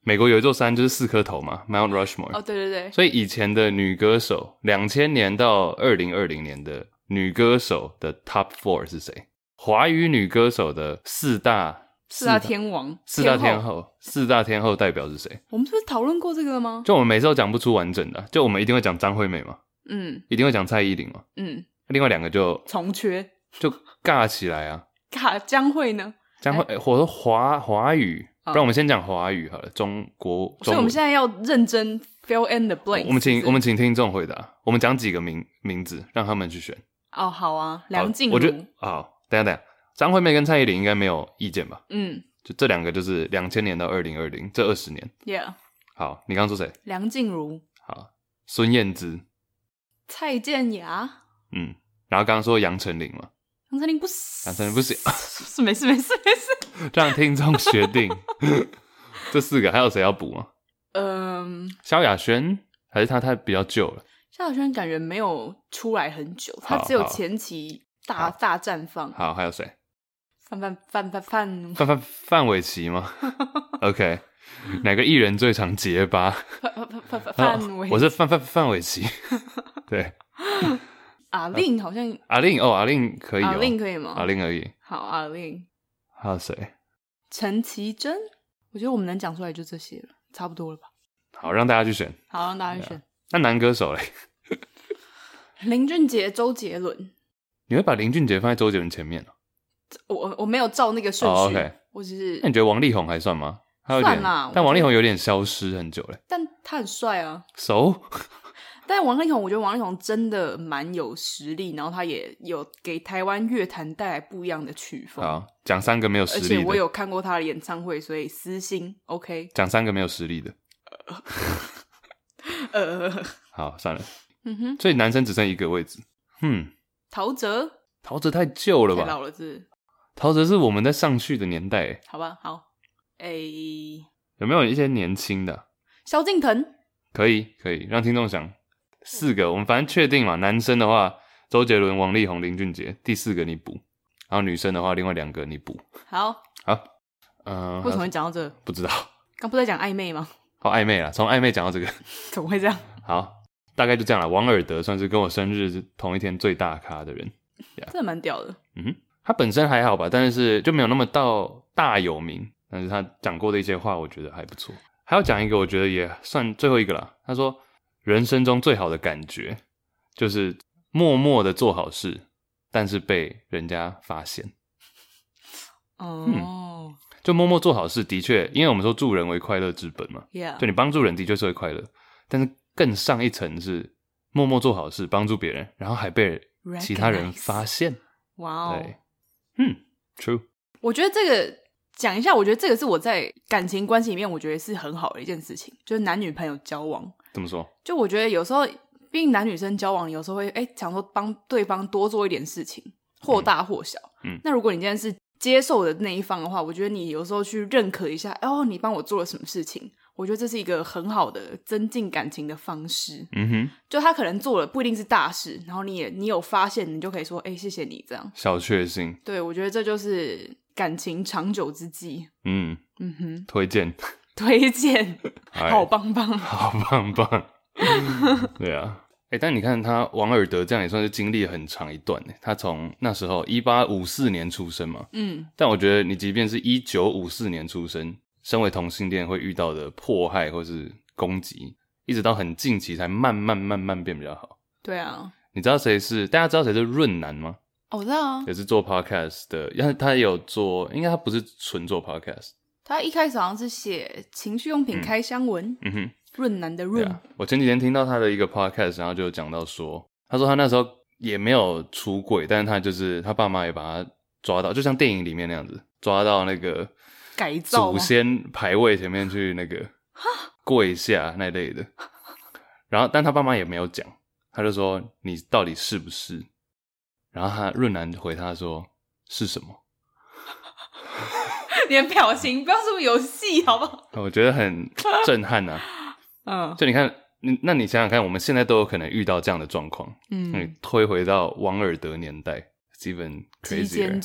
美國有一座山，就是四顆頭嘛，Mount Rushmore。哦，對對對。所以以前的女歌手，兩千年到二零二零年的女歌手的 Top Four 是誰？華語女歌手的四大四大,四大天王、四大天后,天後、四大天后代表是誰？我們是不是討論過這個了嗎？就我們每次都講不出完整的，就我們一定會講張惠妹嘛，嗯，一定會講蔡依林嘛，嗯，另外兩個就從缺就尬起來啊。尬江蕙呢？江蕙，或、欸欸、我說華華語。不然我們先講華語好了，中國中。所以我們現在要認真 fill in the blank。哦。我們請我們請聽眾回答。我們講幾個名名字，讓他們去選。哦，好啊，梁靜茹。我覺得。哦，好，等下等下，張惠妹跟蔡依林應該沒有意見吧？嗯，就這兩個，就是兩千年到二零二零這二十年。Yeah。好，你剛剛說誰？梁靜茹。好，孫燕姿。蔡健雅。嗯，然後剛剛說楊丞琳嘛。楊丞琳不，楊不是。楊丞琳不是。不是，沒事沒事沒事。 讓聽眾決定， 這四個還有誰要補嗎？嗯、呃，蕭亞軒還是他太比較舊了。蕭亞軒感覺沒有出來很久，他只有前期大大綻放好。好，還有誰？范范范范范范范范瑋琪嗎 ？OK，哪個藝人最常結巴？范范范范范我是范范范瑋琪。對，阿令、 啊啊、好像阿令、啊、哦，阿、啊、令可以、哦，阿、啊、令可以嗎？阿令可以。好，阿、啊、令。還有誰？陳綺貞，我覺得我們能講出來就這些了，差不多了吧？好，讓大家去選。好，讓大家去選。那男歌手嘞？林俊傑、周杰倫。你會把林俊傑放在周杰倫前面哦？我我沒有照那個順序，oh, okay. 我只是。那你覺得王力宏還算嗎？他有點算啦、啊，但王力宏有點消失很久了，但他很帥啊，熟、so?。但王力宏，我覺得王力宏真的蠻有實力，然後他也有給台灣樂壇帶來不一樣的曲風。好，講三個沒有實力的。而且我有看過他的演唱會，所以私心 OK。講三個沒有實力的。呃， 呃，好，算了。嗯哼，所以男生只剩一個位置。嗯，陶喆，陶喆太舊了吧，太老了，是。陶喆是我們在上去的年代。好吧，好。哎、欸。有沒有一些年輕的？蕭敬騰可以，可以讓聽眾想。四個，我們反正確定嘛。男生的話，周杰倫、王力宏、林俊傑，第四個你補。然後女生的話，另外兩個你補。好，好、啊，嗯、呃。為什麼會講到這個？不知道，剛不在講曖昧嗎？好、哦、曖昧啊，從曖昧講到這個， 怎麼會這樣？好，大概就這樣了。王爾德算是跟我生日是同一天最大咖的人。這、yeah. 蠻屌的。嗯，他本身還好吧，但是就沒有那麼到大有名。但是他講過的一些話，我覺得還不錯。還要講一個，我覺得也算最後一個了。他說。人生中最好的感覺，就是默默地做好事，但是被人家發現。哦、oh. 嗯，就默默做好事，的確，因為我們說助人為快樂之本嘛，對、yeah.，你幫助人的確是會快樂，但是更上一層是默默做好事，幫助別人，然後還被其他人發現。哇哦，對，嗯，True，我覺得這個講一下，我覺得這個是我在感情關係裡面，我覺得是很好的一件事情，就是男女朋友交往。怎麼說？就我覺得有時候，畢竟男女生交往，有時候會哎、欸，想說幫對方多做一點事情，或大或小嗯。嗯，那如果你今天是接受的那一方的話，我覺得你有時候去認可一下，哦，你幫我做了什麼事情，我覺得這是一個很好的增進感情的方式。嗯哼，就他可能做了不一定是大事，然後你也你有發現，你就可以說，哎、欸，謝謝你，這樣小確幸。對，我覺得這就是感情長久之計。嗯嗯哼，推薦。推薦， 好棒棒， 好棒棒， 對啊，哎、欸，但你看他王爾德這樣也算是經歷很長一段，他從那時候一八五四年出生嘛，嗯，但我覺得你即便是一九五四年出生，身為同性戀會遇到的迫害或是攻擊，一直到很近期才慢慢慢慢變比較好。對啊，你知道誰是？大家知道誰是潤男嗎？我知道啊，也是做 podcast 的，但是他也有做，應該他不是純做 podcast。他一開始好像是寫情趣用品開箱文，潤、嗯、男、嗯、的潤、對啊。我前幾天聽到他的一個 podcast，然後就講到說，他說他那時候也沒有出櫃，但是他就是他爸媽也把他抓到，就像電影裡面那樣子，抓到那個祖先牌位前面去那個跪一下那類的。然後，但他爸媽也沒有講，他就說你到底是不是？然後他潤男回他說是什麼？ 點 表情 不要這麼有戲，好不好？我覺得很震撼吶、啊。嗯 就你看你，那你想想看，我們現在都有可能遇到這樣的狀況。嗯，你推回到王爾德年代，基本 crazy 人，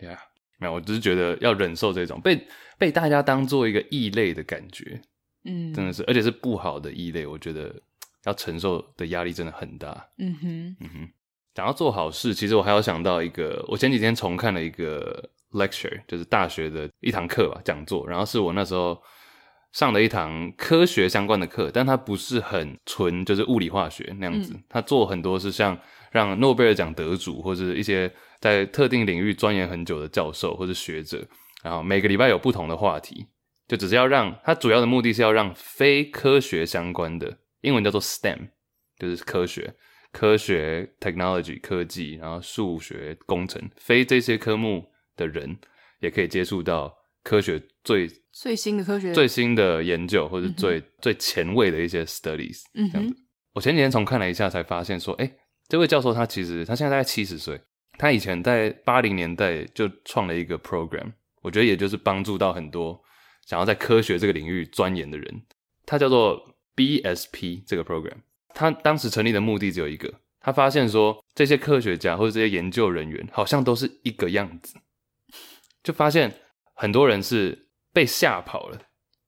呀、yeah.，沒有，我只是覺得要忍受這種被被大家當做一個異類的感覺。嗯，真的是，而且是不好的異類，我覺得要承受的壓力真的很大。嗯哼，嗯哼，想要做好事，其實我還要想到一個，我前幾天重看了一個。lecture 就是大學的一堂課吧，講座。然後是我那時候上的一堂科學相關的課，但它不是很純，就是物理化學那樣子。他、嗯、做很多是像讓諾貝爾獎得主或者一些在特定領域鑽研很久的教授或者學者，然後每個禮拜有不同的話題，就只是要讓他主要的目的是要讓非科學相關的英文叫做 STEM，就是科學、科學、technology 科技，然後數學、工程，非這些科目。的人也可以接觸到科學最最新的科學最新的研究，或者最、嗯、最前衛的一些 studies、嗯。這樣子，我前幾天重看了一下，才發現說，哎、欸，這位教授他其實他現在大概七十歲，他以前在八零年代就創了一個 program。我覺得也就是幫助到很多想要在科學這個領域鑽研的人。他叫做 BSP 這個 program。他當時成立的目的只有一個，他發現說這些科學家或者這些研究人員好像都是一個樣子。就發現很多人是被嚇跑了。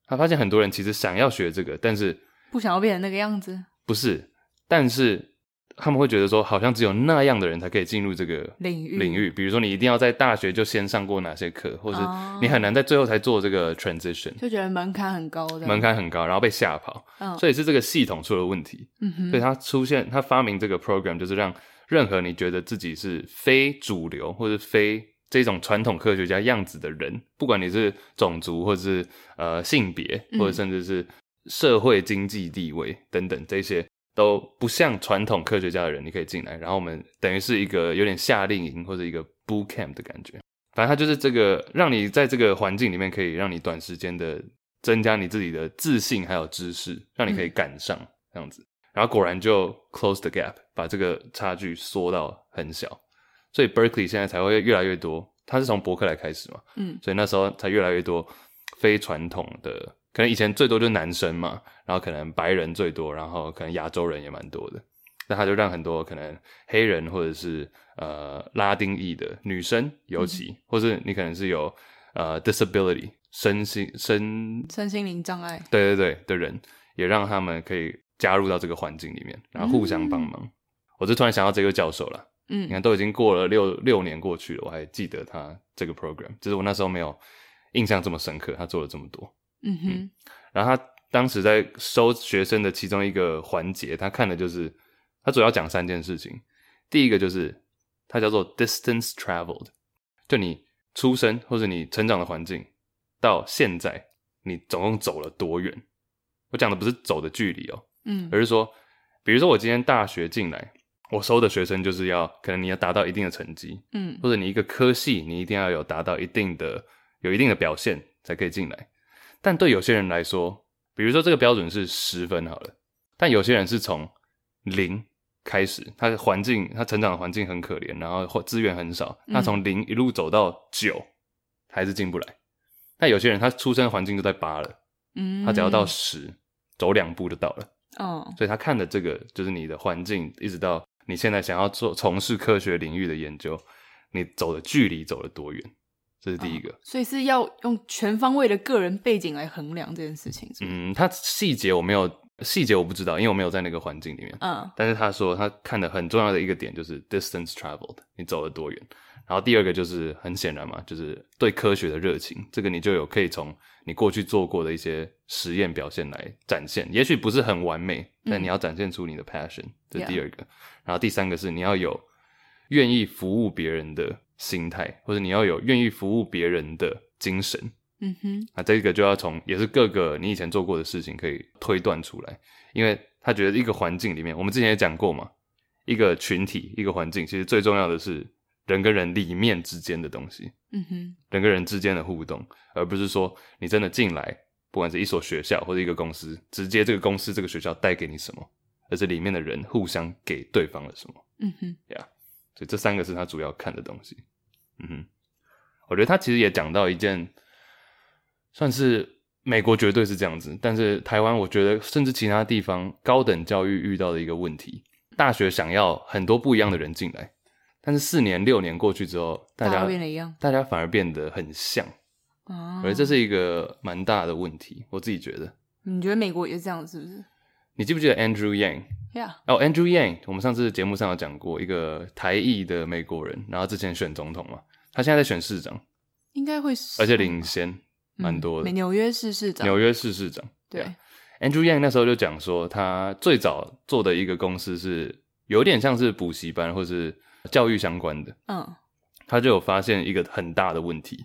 他發現很多人其實想要學這個，但是不想要變成那個樣子。不是，但是他們會覺得說，好像只有那樣的人才可以進入這個領域。領域，比如說你一定要在大學就先上過哪些課，或是你很難在最後才做這個 transition，oh，就覺得門檻很高的，門檻很高，然後被嚇跑。嗯，oh，所以是這個系統出了問題。嗯哼，所以他出現他發明這個 program，就是讓任何你覺得自己是非主流或者非。這種傳統科學家樣子的人，不管你是種族或者是呃性別，或者甚至是社會經濟地位等等，嗯，這些都不像傳統科學家的人，你可以進來。然後我們等於是一個有點夏令營或者一個 boot camp 的感覺，反正他就是這個，讓你在這個環境裡面可以讓你短時間的增加你自己的自信還有知識，讓你可以趕上這樣子。嗯，然後果然就 close the gap，把這個差距縮到很小。所以 Berkeley 現在才會越來越多，他是從柏克萊開始嘛，嗯，所以那時候才越來越多非傳統的，可能以前最多就是男生嘛，然後可能白人最多，然後可能亞洲人也蠻多的，那他就讓很多可能黑人或者是呃拉丁裔的女生，尤其、嗯、或是你可能是有呃 disability 身心身，身心靈障礙，對對對的人，也讓他們可以加入到這個環境裡面，然後互相幫忙、嗯。我就突然想到這個教授啦。嗯，你看都已經過了六六年過去了，我還記得他這個 program，只是我那時候沒有印象這麼深刻。他做了這麼多，嗯哼。嗯，然後他當時在收學生的其中一個環節，他看的就是他主要講三件事情。第一個就是他叫做 distance traveled 就你出生或是你成長的環境到現在你總共走了多遠。我講的不是走的距離哦、喔，嗯，而是說，比如說我今天大學進來。我收的學生就是要可能你要達到一定的成績，嗯，或者你一個科系你一定要有達到一定的有一定的表現才可以進來。但對有些人來說，比如說這個標準是十分好了，但有些人是從零開始，他的環境他成長的環境很可憐，然後資源很少，那從零一路走到九，嗯，還是進不來。但有些人他出生環境就在八了，嗯，他只要到十走兩步就到了，哦，所以他看的這個就是你的環境一直到。你現在想要做從事科學領域的研究，你走的距離走了多遠？這是第一個。哦，所以是要用全方位的個人背景來衡量這件事情是不是？嗯，他、嗯、細節我沒有，細節我不知道，因為我沒有在那個環境裡面。嗯，但是他說他看的很重要的一個點就是 distance traveled，你走了多遠。然後第二個就是很顯然嘛，就是對科學的熱情，這個你就有可以從你過去做過的一些實驗表現來展現。也許不是很完美，但你要展現出你的 passion，嗯。這是第二個。Yeah. 然後第三個是你要有願意服務別人的心態，或者你要有願意服務別人的精神。嗯哼，啊，這個就要從也是各個你以前做過的事情可以推斷出來。因為他覺得一個環境裡面，我們之前也講過嘛，一個群體、一個環境，其實最重要的是人跟人裡面之間的東西。嗯哼，人跟人之間的互動，而不是說你真的進來，不管是一所學校或者一個公司，直接這個公司、這個學校帶給你什麼。而是裡面的人互相給對方了什麼？嗯哼，對啊，所以這三個是他主要看的東西。嗯哼，我覺得他其實也講到一件，算是美國絕對是這樣子，但是台灣我覺得甚至其他地方高等教育遇到的一個問題：大學想要很多不一樣的人進來，但是四年六年過去之後大家，大家變了一樣，大家反而變得很像啊。我覺得這是一個蠻大的問題，我自己覺得。你覺得美國也是這樣子是不是？你記不記得 Andrew Yang？Yeah。Oh，哦，Andrew Yang，我們上次節目上有講過一個台裔的美國人，然後之前選總統嘛，他現在在選市長，應該會是，而且領先蠻多的。嗯、美紐約市市長。紐約市市長。對。Yeah，Andrew Yang 那時候就講說，他最早做的一個公司是有點像是補習班或是教育相關的。嗯。他就有發現一個很大的問題，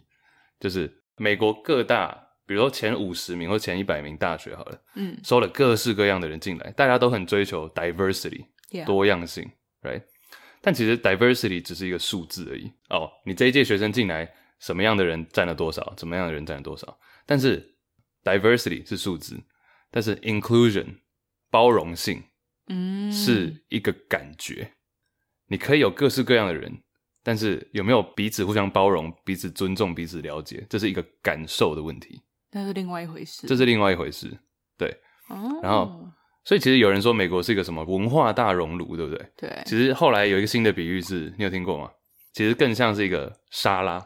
就是美國各大。比如說前五十名或前一百名大學好了，嗯，收了各式各樣的人進來，大家都很追求 diversity、yeah. 多樣性，right？但其實 diversity 只是一個數字而已哦。Oh, 你這一屆學生進來什麼樣的人占了多少，怎麼樣的人占了多少？但是 diversity 是數字，但是 inclusion 包容性，嗯，是一個感覺、嗯。你可以有各式各樣的人，但是有沒有彼此互相包容、彼此尊重、彼此了解，這是一個感受的問題。那是另外一回事，這是另外一回事，對。然後，哦、所以其實有人說美國是一個什麼文化大熔爐，對不對？對。其實後來有一個新的比喻是，你有聽過嗎？其實更像是一個沙拉，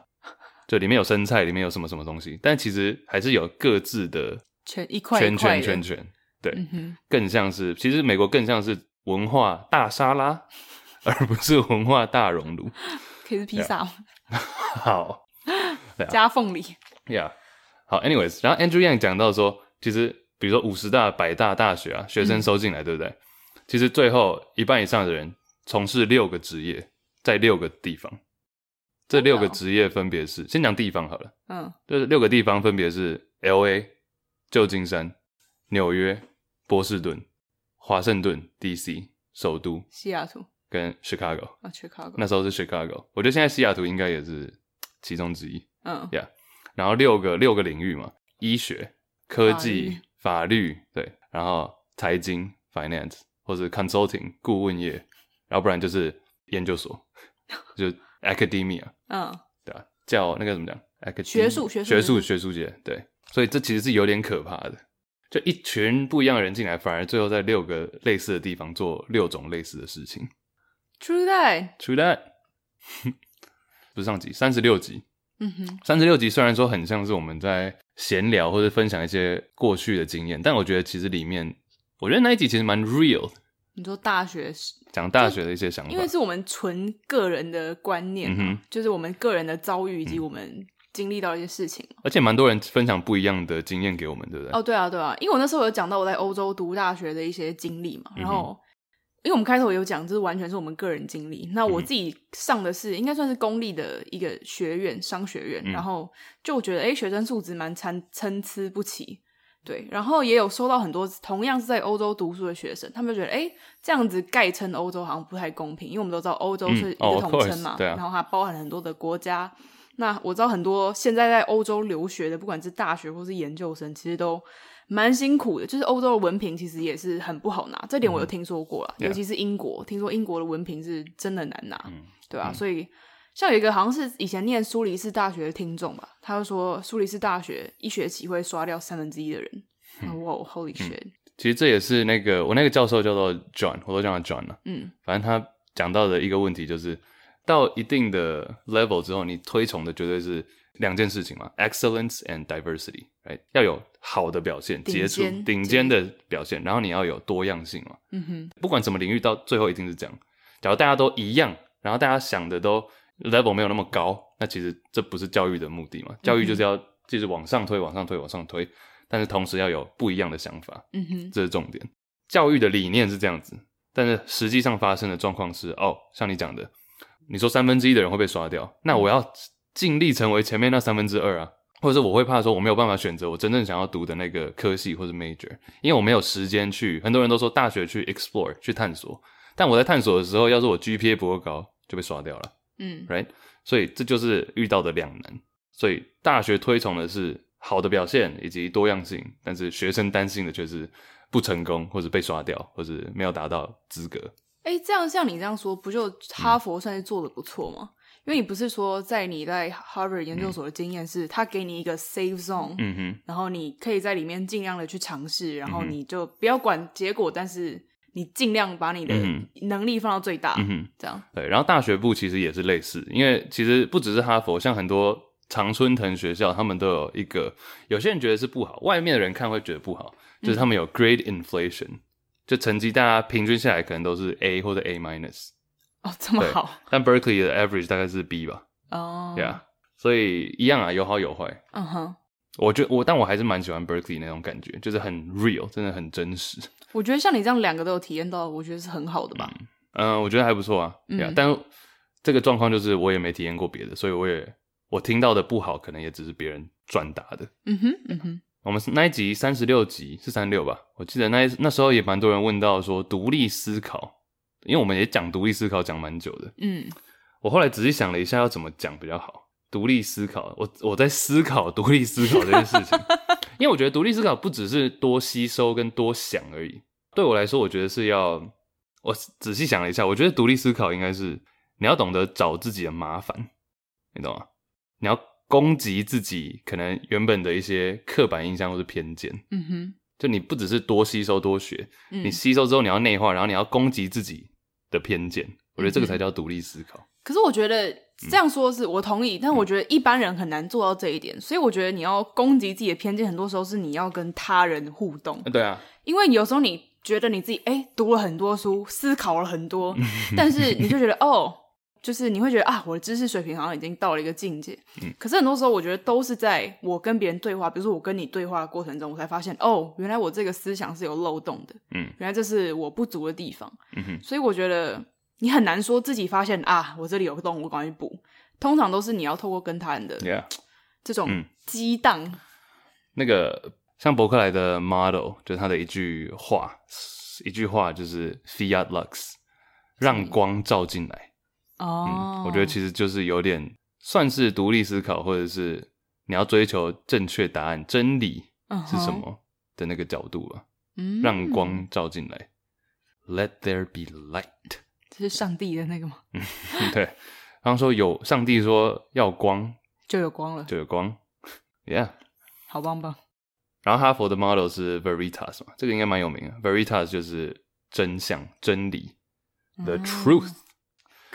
就裡面有生菜，裡面有什麼什麼東西，但其實還是有各自的圈一塊圈圈圈圈，對、嗯。更像是，其實美國更像是文化大沙拉，而不是文化大熔爐。 可以是披薩嗎？yeah. 好，加鳳梨好，anyways，然後 Andrew Yang 講到說，其實比如說五十大、百大大學啊，學生收進來，嗯、對不對？其實最後一半以上的人從事六個職業，在六個地方。這六個職業分別是，嗯、先講地方好了。嗯。就是六個地方分別是 L.A.、舊金山、紐約、波士頓、華盛頓 D.C. 首都、西雅圖跟 Chicago。啊、哦，Chicago。那時候是 Chicago，我覺得現在西雅圖應該也是其中之一。嗯。Yeah. 然後六個六個領域嘛，醫學、科技、法律，對，然後財經 （finance） 或者 consulting 顧問業，然後不然就是研究所， 就 academia，嗯，對吧，啊？叫那個怎麼講？學術、學術、學術、學術界。對，所以這其實是有點可怕的，就一群不一樣的人進來，反而最後在六個類似的地方做六種類似的事情。True that。True that。 不是上集，三十六集。嗯哼，三十六集，雖然說很像是我們在閒聊或者分享一些過去的經驗，但我覺得其實裡面，我覺得那一集其實蠻 real。你說大學講大學的一些想法，因為是我們純個人的觀念、嗯、就是我們個人的遭遇以及我們經歷到一些事情，嗯、而且蠻多人分享不一樣的經驗給我們，對不對？哦，對啊，對啊，因為我那時候有講到我在歐洲讀大學的一些經歷嘛，然後。嗯因為我們開頭有講，這、就是完全是我們個人經歷。那我自己上的是、嗯、應該算是公立的一個學院商學院、嗯，然後就覺得哎，學生素質蠻參參差不齊，對。然後也有收到很多同樣是在歐洲讀書的學生，他們就覺得哎，這樣子概稱歐洲好像不太公平，因為我們都知道歐洲是一個統稱嘛，嗯哦、對、啊。然後它包含很多的國家。那我知道很多現在在歐洲留學的，不管是大學或是研究生，其實都。蠻辛苦的，就是歐洲的文憑其實也是很不好拿，這點我有聽說過了，嗯。尤其是英國，yeah. 聽說英國的文憑是真的難拿，嗯、對啊、啊嗯。所以像有一個好像是以前念蘇黎世大學的聽眾吧，他就說蘇黎世大學一學期會刷掉三分之一的人。哇、嗯, oh, wow, Holy shit！嗯、其實這也是那個我那個教授叫做 John，我都叫他 John 了、啊。嗯，反正他講到的一個問題就是到一定的 level 之後，你推崇的絕對是。兩件事情嘛，excellence and diversity，right? 要有好的表現，傑出頂尖的表現，然後你要有多樣性嘛，嗯哼，不管什麼領域，到最後一定是這樣。假如大家都一樣，然後大家想的都 level 沒有那麼高，那其實這不是教育的目的嘛？教育就是要繼續往上推，往上推，往上推，但是同時要有不一樣的想法，嗯哼，這是重點。教育的理念是這樣子，但是實際上發生的狀況是，哦，像你講的，你說三分之一的人會被刷掉，嗯、那我要，盡力成為前面那三分之二啊，或者是我會怕說，我沒有辦法選擇我真正想要讀的那個科系或是 major，因為我沒有時間去。很多人都說大學去 explore 去探索，但我在探索的時候，要是我 GPA 不夠高，就被刷掉了。嗯，right，所以這就是遇到的兩難。所以大學推崇的是好的表現以及多樣性，但是學生擔心的卻是不成功，或者被刷掉，或者沒有達到資格。誒、欸，這樣像你這樣說，不就哈佛算是做得不錯嗎？嗯因為你不是說，在你在 Harvard 研究所的經驗是，他給你一個 safe zone，嗯哼，然後你可以在裡面盡量的去嘗試，然後你就不要管結果，嗯哼，但是你盡量把你的能力放到最大，嗯哼，這樣。對，然後大學部其實也是類似，因為其實不只是哈佛，像很多常春藤學校，他們都有一個，有些人覺得是不好，外面的人看會覺得不好，嗯哼，就是他們有 grade inflation，就成績大家平均下來可能都是 A 或者 A minus。哦、這麼好，但 Berkeley 的 average 大概是 B 吧？哦，呀，所以一樣啊，有好有壞。嗯哼，我覺得我但我還是蠻喜歡 Berkeley 那種感覺，就是很 real，真的很真實。我覺得像你這樣兩個都有體驗到，我覺得是很好的吧？嗯、呃、我覺得還不錯啊。嗯，yeah, 但這個狀況就是我也沒體驗過別的，所以我也我聽到的不好，可能也只是別人轉達的。嗯哼，嗯哼，我們是那一集三十六集是三六吧？我記得那那時候也蠻多人問到說獨立思考。因為我們也講獨立思考，講蠻久的。嗯，我後來仔細想了一下，要怎麼講比較好。獨立思考，我我在思考獨立思考這件事情， 因為我覺得獨立思考不只是多吸收跟多想而已。對我來說，我覺得是要我仔細想了一下，我覺得獨立思考應該是你要懂得找自己的麻煩，你懂嗎？你要攻擊自己可能原本的一些刻板印象或是偏見。嗯哼，就你不只是多吸收多學，你吸收之後你要內化，嗯，然後你要攻擊自己的偏見，我覺得這個才叫獨立思考。嗯，可是我覺得這樣說的是我同意，嗯，但我覺得一般人很難做到這一點。嗯，所以我覺得你要攻擊自己的偏見，很多時候是你要跟他人互動，嗯，對啊，因為有時候你覺得你自己誒、欸、讀了很多書，思考了很多，嗯，但是你就覺得 哦，就是你會覺得啊，我的知識水平好像已經到了一個境界。嗯，可是很多時候，我覺得都是在我跟別人對話，比如說我跟你對話的過程中，我才發現哦，原來我這個思想是有漏洞的。嗯，原來這是我不足的地方。嗯哼，所以我覺得你很難說自己發現啊，我這裡有個洞，我趕緊補。通常都是你要透過跟他人的這種激盪。Yeah. 嗯。激盪，那個像伯克萊的 model 就是他的一句話，一句話就是 Fiat Lux，讓光照進來。哦、oh. 嗯，我覺得其實就是有點算是獨立思考，或者是你要追求正確答案、真理是什麼的那個角度了。嗯、uh -huh.，讓光照進來，Let there be light。這是上帝的那個嗎？ 對，剛說有上帝說要光， 就有光了，就有光。Yeah，好棒棒。然後哈佛的 model 是 Veritas 嘛，這個應該蠻有名的。Veritas 就是真相、真理，The Truth、oh.。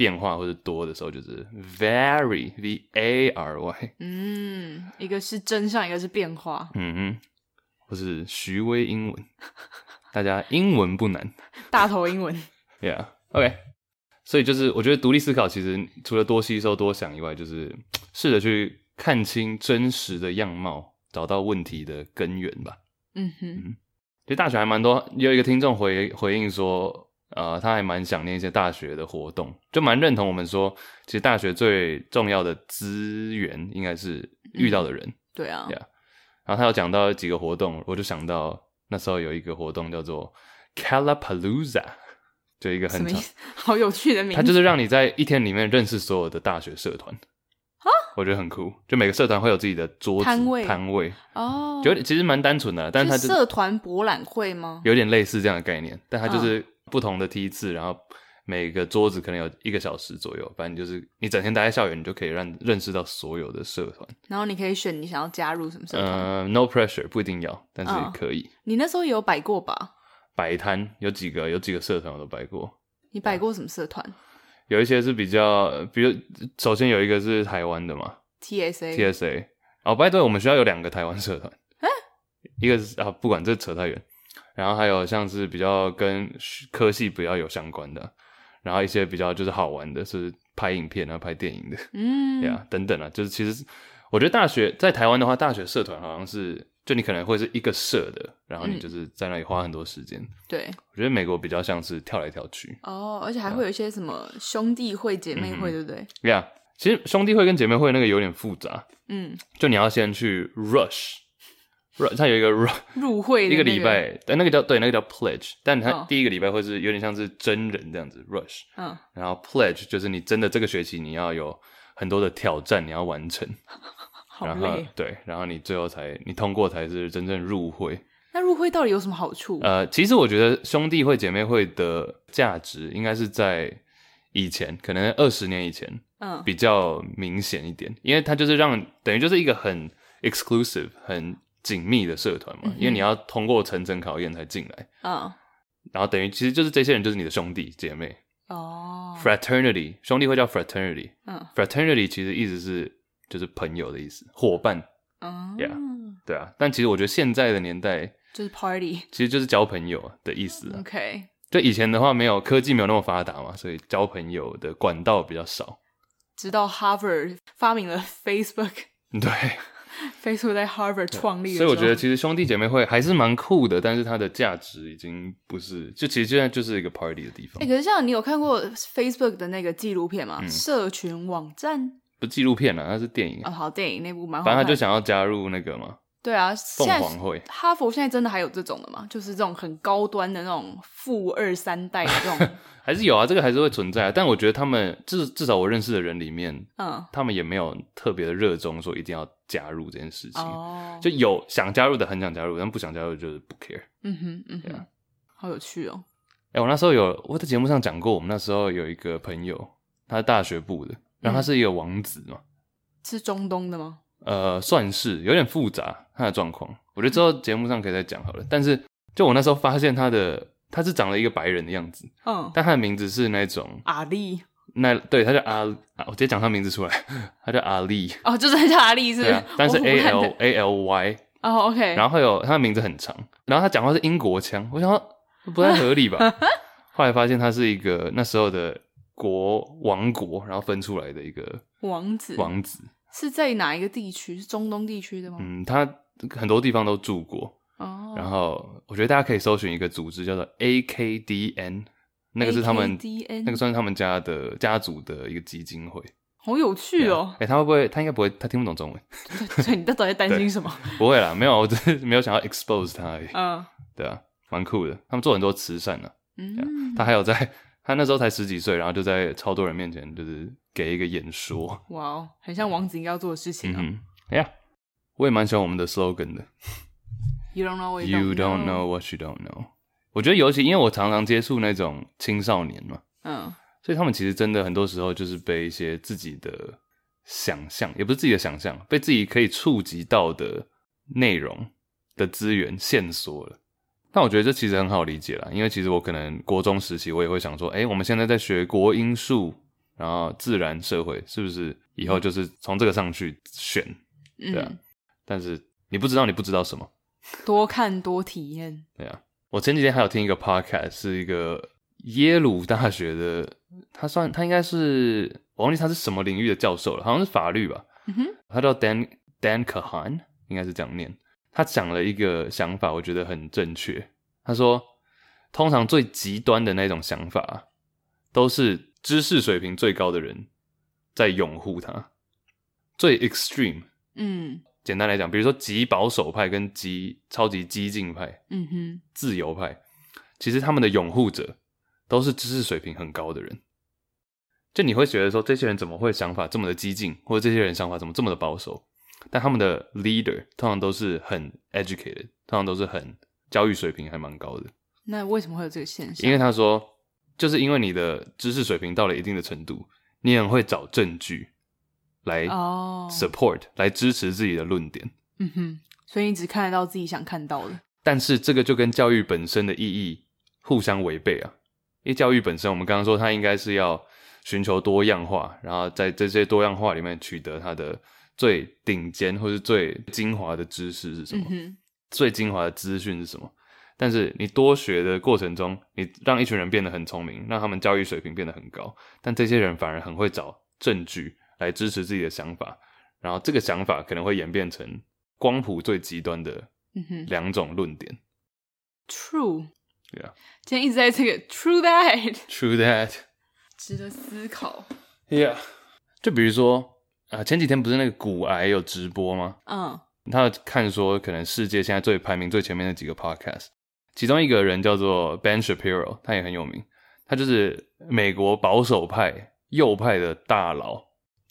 變化或者多的時候就是 vary, V-A-R-Y，嗯，一個是真相，一個是變化，嗯，或是徐薇英文， 大家英文不難，大頭英文 ，yeah，OK, okay. 所以就是我覺得獨立思考其實除了多吸收多想以外，就是試着去看清真實的樣貌，找到問題的根源吧。嗯哼，嗯，其實大學還蠻多，有一個聽眾回回應說。呃，他還蠻想念一些大學的活動，就蠻認同我們說，其實大學最重要的資源應該是遇到的人。嗯、對啊，yeah. 然後他有講到幾個活動，我就想到那時候有一個活動叫做 Calapalooza，就一個很，什麼意思？好有趣的名字，它就是讓你在一天裡面認識所有的大學社團啊，我覺得很酷。就每個社團會有自己的桌子攤位攤位哦，就、oh, 其實蠻單純的，但是它是社團博覽會嗎？有點類似這樣的概念，但它就是。嗯不同的梯次，然後每個桌子可能有一個小時左右，反正就是你整天待在校園，你就可以讓認識到所有的社團，然後你可以選你想要加入什麼社團。嗯、uh,，no pressure，不一定要，但是也可以。Oh, 你那時候有擺過吧？擺攤，有幾個，有幾個社團我都擺過。你擺過什麼社團？Uh, 有一些是比較，比如首先有一個是台灣的嘛，TSA，TSA，哦，拜託，by the way, 我們學校有兩個台灣社團，huh? 一個是啊，不管這扯太遠。然後還有像是比較跟科系比較有相關的、啊，然後一些比較就是好玩的，是拍影片然後、啊、拍電影的，嗯，對啊，等等啊，就是其實我覺得大學在台灣的話，大學社團好像是就你可能會是一個社的，然後你就是在那裡花很多時間。嗯、對，我覺得美國比較像是跳來跳去。哦，而且還會有一些什麼兄弟會、Yeah. 姐妹會、嗯，對不對？對啊，其實兄弟會跟姐妹會那個有點複雜。嗯，就你要先去 rush。它有一個入會的、那個、一個禮拜，那個叫對，那個叫 pledge。但它第一個禮拜會是有點像是真人這樣子 rush，、嗯、然後 pledge 就是你真的這個學期你要有很多的挑戰，你要完成，好然後對，然後你最後才你通過才是真正入會。那入會到底有什麼好處？呃，其實我覺得兄弟會姐妹會的價值應該是在以前，可能二十年以前，嗯、比較明顯一點，因為它就是讓等於就是一個很 exclusive 很。緊密的社團嘛，因為你要通過層層考驗才進來啊、嗯。然後等於其實就是這些人就是你的兄弟姐妹哦，fraternity 兄弟會叫 fraternity，fraternity、哦、fraternity 其實一直是就是朋友的意思，伙伴。哦，yeah, 對啊，但其實我覺得現在的年代就是 party，其實就是交朋友的意思、啊嗯。OK，就以前的話沒有科技沒有那麼發達嘛，所以交朋友的管道比較少，直到 Harvard 發明了 Facebook，對。Facebook 在 Harvard 創立的，所以我覺得其實兄弟姐妹會還是蠻酷的，但是它的價值已經不是，就其實現在就是一個 party 的地方。欸，可是像你有看過 Facebook 的那個紀錄片嗎？嗯。社群網站？不是紀錄片啊，那是電影啊，哦，好電影那部蠻，反正他就想要加入那個嘛。對啊，現在鳳凰會哈佛現在真的還有這種的嗎？就是這種很高端的那種富二三代的這種， 還是有啊，這個還是會存在。啊。但我覺得他們至至少我認識的人裡面，嗯、他們也沒有特別的熱衷說一定要加入這件事情。哦，就有想加入的，很想加入，但不想加入就是不 care。嗯哼，嗯哼，yeah. 好有趣哦。哎、欸，我那時候有我在節目上講過，我們那時候有一個朋友，他是大學部的，然後他是一個王子嘛。嗯、是中東的嗎？呃，算是有點複雜，他的狀況。我覺得之後節目上可以再講好了。但是，就我那時候發現他的，他是長了一個白人的樣子，哦、嗯，但他的名字是那種阿麗，那對他叫阿、啊，我直接講他名字出來，他叫阿麗。哦，就是他叫阿麗是吧？對、啊。但是 A L A L Y 哦，OK。然後還有他的名字很長，然後他講話是英國腔，我想說不太合理吧。 後來發現他是一個那時候的國王國，然後分出來的一個王子，王子。是在哪一個地區？是中東地區的嗎？嗯，他很多地方都住過哦。Oh. 然後我覺得大家可以搜尋一個組織，叫做 AKDN, AKDN，那個是他們，DN，那個算是他們家的家族的一個基金會。好有趣哦！誒、yeah. 欸，他會不會？他應該不，不會，他聽不懂中文。 所以你到底在擔心什麼 不會啦，沒有，我只是沒有想要 expose 他而已。嗯，對啊，蠻酷的，他們做很多慈善呢、啊。嗯、mm. yeah.，他還有在。他那時候才十幾歲，然後就在超多人面前，就是給一個演說。哇哦，很像王子應該要做的事情啊、喔！哎呀，我也蠻喜歡我們的 slogan 的。You don't know what you don't know. You don't know what you don't know. 我覺得尤其因為我常常接觸那種青少年嘛，嗯、oh.，所以他們其實真的很多時候就是被一些自己的想象，也不是自己的想象，被自己可以觸及到的內容的資源線索了，但我覺得這其實很好理解了，因為其實我可能國中時期我也會想說，哎、欸，我們現在在學國英數，然後自然社會，是不是以後就是從這個上去選、嗯？對啊，但是你不知道，你不知道什麼，多看多體驗。對啊，我前幾天還有聽一個 podcast，是一個耶魯大學的，他算他應該是我忘記他是什麼領域的教授了，好像是法律吧。嗯哼，他叫 Dan Dan Kahan，應該是這樣念。他講了一個想法，我覺得很正確。他說，通常最極端的那種想法，都是知識水平最高的人在擁護他。最 extreme，嗯，簡單來講，比如說極保守派跟極超級激進派，嗯哼，自由派，其實他們的擁護者都是知識水平很高的人。就你會覺得說，這些人怎麼會想法這麼的激進，或者這些人想法怎麼這麼的保守？但他們的 leader 通常都是很 educated，通常都是很教育水平還蠻高的。那為什麼會有這個現象？因為他說，就是因為你的知識水平到了一定的程度，你也很會找證據來 support，Oh. 來支持自己的論點。嗯哼，所以你只看得到自己想看到的。但是這個就跟教育本身的意義互相違背啊！因為教育本身，我們剛剛說它應該是要尋求多樣化，然後在這些多樣化裡面取得它的。最頂尖或是最精華的知識是什麼？嗯、最精華的資訊是什麼？但是你多學的過程中，你讓一群人變得很聰明，讓他們教育水平變得很高，但這些人反而很會找證據來支持自己的想法，然後這個想法可能會演變成光譜最極端的兩種論點。嗯、True，對啊，今天一直在這個 True that，True that，值得思考。Yeah，就比如說。啊，前幾天不是那個骨癌有直播嗎？嗯、oh.，他看說可能世界現在最排名最前面的幾個 podcast，其中一個人叫做 Ben Shapiro，他也很有名，他就是美國保守派右派的大佬，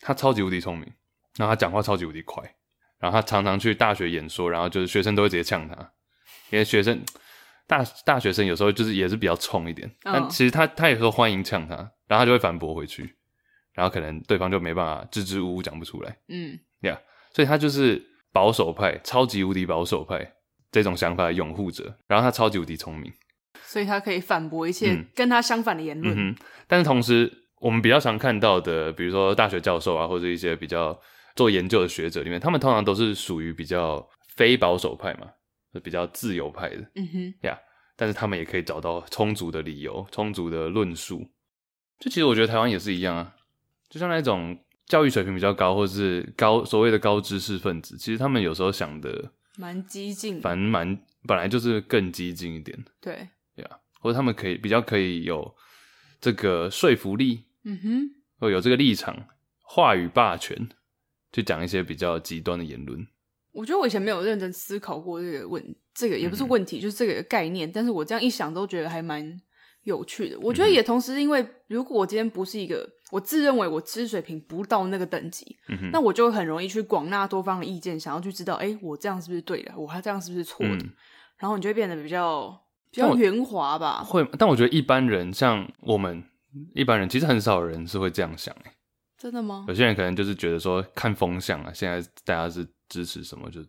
他超級無敵聰明，然後他講話超級無敵快，然後他常常去大學演說，然後就是學生都會直接嗆他，因為學生大大學生有時候就是也是比較衝一點，oh. 但其實他他也說歡迎嗆他，然後他就會反駁回去。然後可能對方就沒辦法支支吾吾講不出來，嗯，呀、yeah.，所以他就是保守派，超級無敵保守派這種想法的擁護者。然後他超級無敵聰明，所以他可以反駁一些跟他相反的言論、嗯嗯。但是同時，我們比較常看到的，比如說大學教授啊，或者一些比較做研究的學者，裡面他們通常都是屬於比較非保守派嘛，比較自由派的，嗯哼，呀、yeah.，但是他們也可以找到充足的理由、充足的論述。就其實我覺得台灣也是一樣啊。就像那種教育水平比較高，或是高所謂的高知識分子，其實他們有時候想的蠻激進，反正蠻本來就是更激進一點。對，對啊，或者他們可以比較可以有這個說服力，嗯哼，或有這個立場話語霸權，去講一些比較極端的言論。我覺得我以前沒有認真思考過這個問，這個也不是問題，嗯、就是這個概念。但是我這樣一想，都覺得還蠻有趣的。我覺得也同時因為如果我今天不是一個。我自認為我知識水平不到那個等級，那我就很容易去廣納多方的意見、嗯，想要去知道，哎、欸，我這樣是不是對的？我還這樣是不是錯的、嗯？然後你就會變得比較比較圓滑吧。會，但我覺得一般人像我們一般人，其實很少人是會這樣想、欸。真的嗎？有些人可能就是覺得說看風向啊，現在大家是支持什麼，就